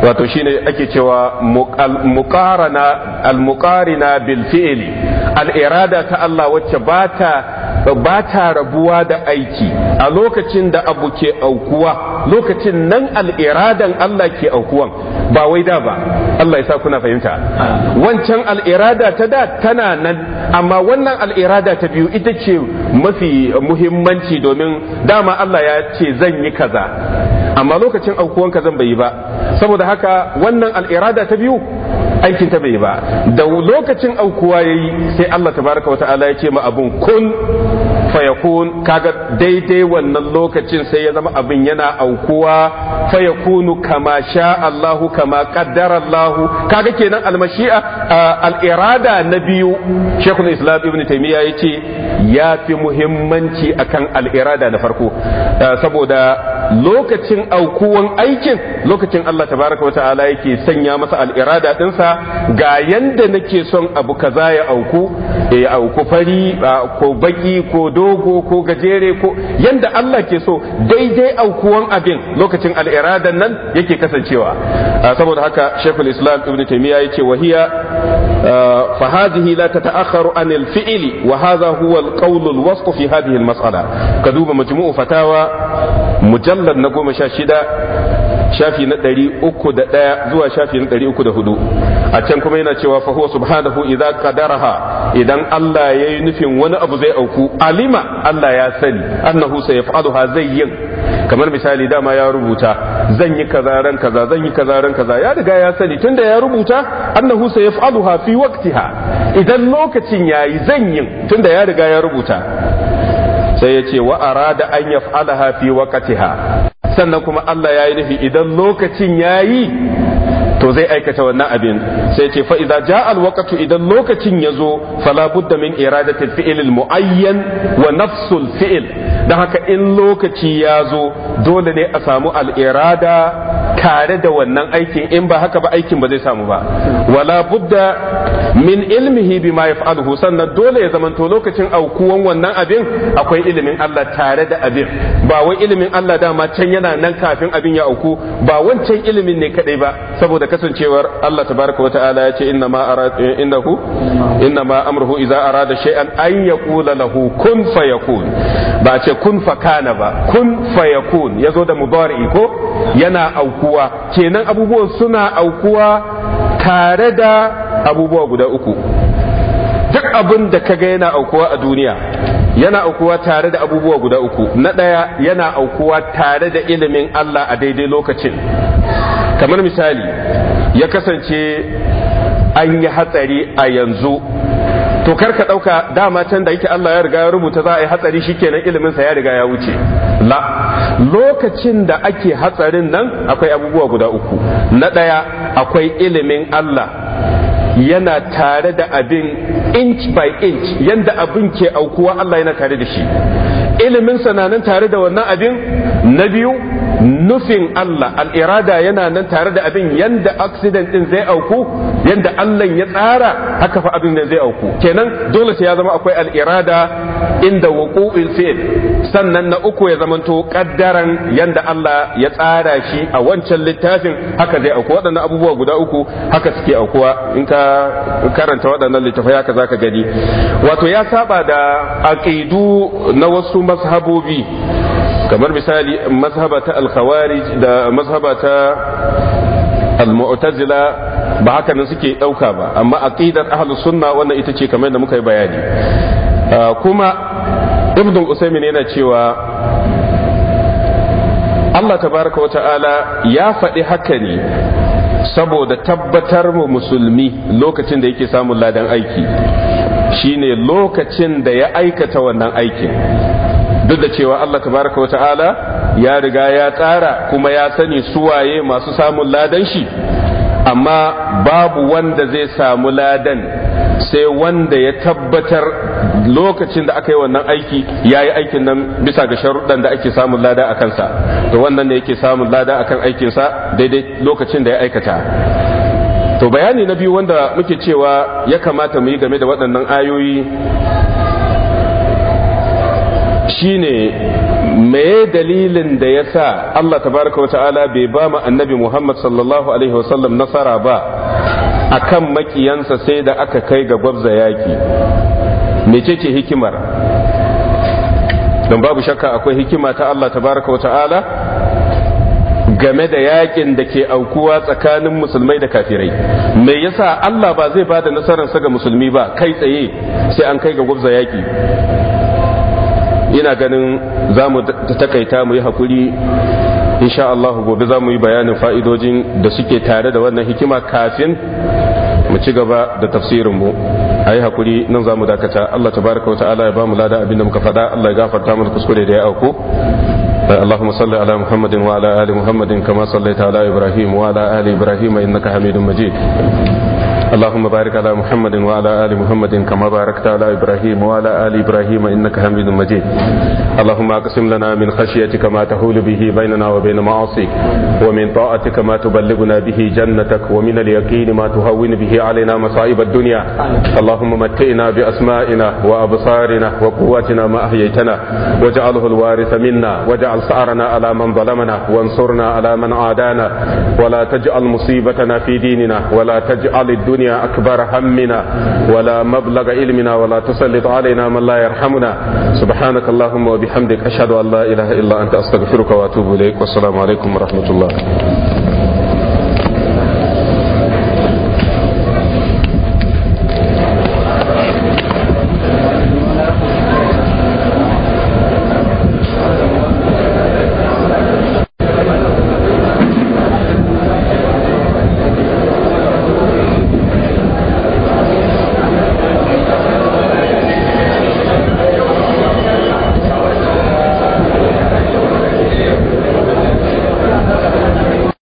wato shine ake cewa al-muqarana al-muqarina bil fi'li al-irada ta Allah wacce ba ta ba ta rabuwa da aiki a lokacin da abu ke aukuwa lokacin nan al'iradan Allah ke aukuwan ba wai da ba Allah ya sa kuna fahimta wancan al'irada ta da tana nan amma wannan al'irada ta biyu ita ce mafi muhimmanci domin dama Allah ya ce zan yi kaza amma lokacin aukuwan kazan bai yi ba saboda haka wannan al'irada ta biyu aikin ta bai ba da lokacin aukuwa yayi sai Allah tabaraka wa ta'ala ya ce ma abun kun fayakun kaga daidai wannan lokacin sai ya zama abin yana aukuwa fayakunu kama sha Allahu kama kaddar Allahu kaga kenan almashi'a al-irada na biyu Sheikhul Islam Ibn ta'imiyya ya ce ya fi muhimmanci akan al'irada na farko saboda lokacin aukuwan aikin lokacin Allah tabaraka wata'ala yake sanya masa al'irada irada dinsa ga yanda nake son abu kaza ya auku ya auku fari ko baki ko dogo ko gajere ko yanda Allah ke so daidai aukuwan abin lokacin al'iradan nan yake kasancewa ah, saboda haka shekul islam ibn ya ce wahiya ah, fa hadhihi la tata'akhkharu an al-fi'li wa hadha huwa al-qawl al-wasf fi hadhihi al-mas'ala ka duba majmu'u fatawa mujallad na 16 shafi na ɗari uku da ɗaya zuwa shafi na ɗari uku da hudu a can kuma yana cewa fa huwa subhanahu ka daraha idan Allah ya yi nufin wani abu zai auku alima Allah ya sani annahu sayfa'aluha zai yin kamar misali dama ya rubuta zan yi kaza ran zan yi kaza ya riga ya sani ya rubuta fi idan lokacin yayi zan ya riga ya rubuta sai ya ce wa arada an yaf'alaha fi waqtiha sannan kuma Allah ya yi nufi idan lokacin yayi to zai aikata wannan abin sai ce fa idza jaa idan lokacin zo fala budda min iradati fi'l mu'ayyan wa nafsul fi'il Da haka in lokaci ya zo dole ne a samu al'irada tare da wannan aikin in ba haka ba aikin ba zai samu ba wala budda min ilmihi fi yaf'aluhu sannan dole ya zamanto lokacin aukuwan wannan abin akwai ilimin Allah tare da abin ba wai ilimin Allah dama can yana nan kafin abin ya auku ba wancan ilimin ne kadai ba saboda kasancewar Allah tabaraka wa ta'ala ya ce inna ma innahu inna ma amruhu idza arada shay'an an yaqula lahu kun fayakun ba ce kun fa kana ba kun fa yakun yazo da mubari ko yana aukuwa kenan abubuwan suna aukuwa tare da abubuwa guda uku duk abin da kaga yana aukuwa a duniya yana aukuwa tare da abubuwa guda uku na ɗaya yana aukuwa tare da ilimin Allah a daidai lokacin kamar misali ya kasance an yi hatsari a yanzu to kar ka ɗauka dama can da yake Allah ya riga ya rubuta za a yi hatsari shi kenan sa ya riga ya wuce la lokacin da ake hatsarin nan akwai abubuwa guda uku na ɗaya akwai ilimin Allah yana tare da abin inch by inch yanda abin ke aukuwa Allah yana tare da shi ilimin na nan tare da wannan abin na biyu nufin Allah al'irada yana nan tare da abin yanda accident din zai auku yanda Allah ya tsara haka fa abin zai auku kenan dole sai ya zama akwai al'irada inda wuqu'il fi'l sannan na uku ya zamanto kaddaran yanda Allah ya tsara shi a wancan littafin haka zai auku waɗannan abubuwa guda uku haka suke aukuwa in ka karanta waɗannan littafai haka zaka gani wato ya saba da aqidu na wasu mazhabobi kamar misali mazhaba ta alkhawarij da mazhaba ta al ba haka nan suke dauka ba amma aqidar ahlus sunna wannan ita ce kamar da muka yi bayani ah, kuma ibn usaymin yana cewa Allah tabaraka wa ta'ala ya faɗi haka ne saboda tabbatar mu musulmi lokacin da yake samun ladan aiki shine lokacin da ya aikata wannan aikin duk da cewa Allah tabaraka wa ta'ala ya riga ya tsara kuma ya sani su waye masu samun ladan shi amma babu wanda zai samu ladan sai wanda ya tabbatar lokacin da aka yi wannan aiki ya yi aikin nan bisa ga sharuɗan da ake samun lada a kansa to wannan ne yake samun lada akan aikinsa daidai lokacin da ya aikata to bayani na biyu wanda muke cewa ya kamata mu yi game da waɗannan ayoyi shine me dalilin da ya sa Allah tabaraka wa ta'ala bai ba mu annabi Muhammad sallallahu alaihi wasallam nasara ba akan makiyansa sai da aka kai ga gwabza yaki mecece hikimar don babu shakka akwai hikima ta Allah tabaraka wa ta'ala game da yaƙin da ke aukuwa tsakanin musulmai da kafirai me yasa Allah ba zai ba da nasararsa ga musulmi ba kai tsaye sai an kai ga gwabza yaki ina ganin za mu takaita mu yi hakuri insha Allah gobe za mu yi bayanin fa'idojin da suke tare da wannan hikima kafin mu ci gaba da tafsirinmu a yi hakuri nan za mu dakata Allah ta baraka wa ta'ala ya ba mu lada abin da muka faɗa Allah ya gafarta mana kuskure da ya auku اللهم صل على محمد وعلى آل محمد كما صليت على ibrahim وعلى آل إبراهيم إنك حميد مجيد اللهم بارك على محمد وعلى آل محمد كما باركت على إبراهيم وعلى آل إبراهيم إنك حميد مجيد اللهم أقسم لنا من خشيتك ما تحول به بيننا وبين معاصيك ومن طاعتك ما تبلغنا به جنتك ومن اليقين ما تهون به علينا مصائب الدنيا اللهم متئنا بأسمائنا وأبصارنا وقواتنا ما أحييتنا واجعله الوارث منا واجعل سعرنا على من ظلمنا وانصرنا على من عادانا ولا تجعل مصيبتنا في ديننا ولا تجعل الدنيا الدنيا أكبر همنا ولا مبلغ علمنا ولا تسلط علينا من لا يرحمنا سبحانك اللهم وبحمدك أشهد أن لا إله إلا أنت أستغفرك وأتوب إليك والسلام عليكم ورحمة الله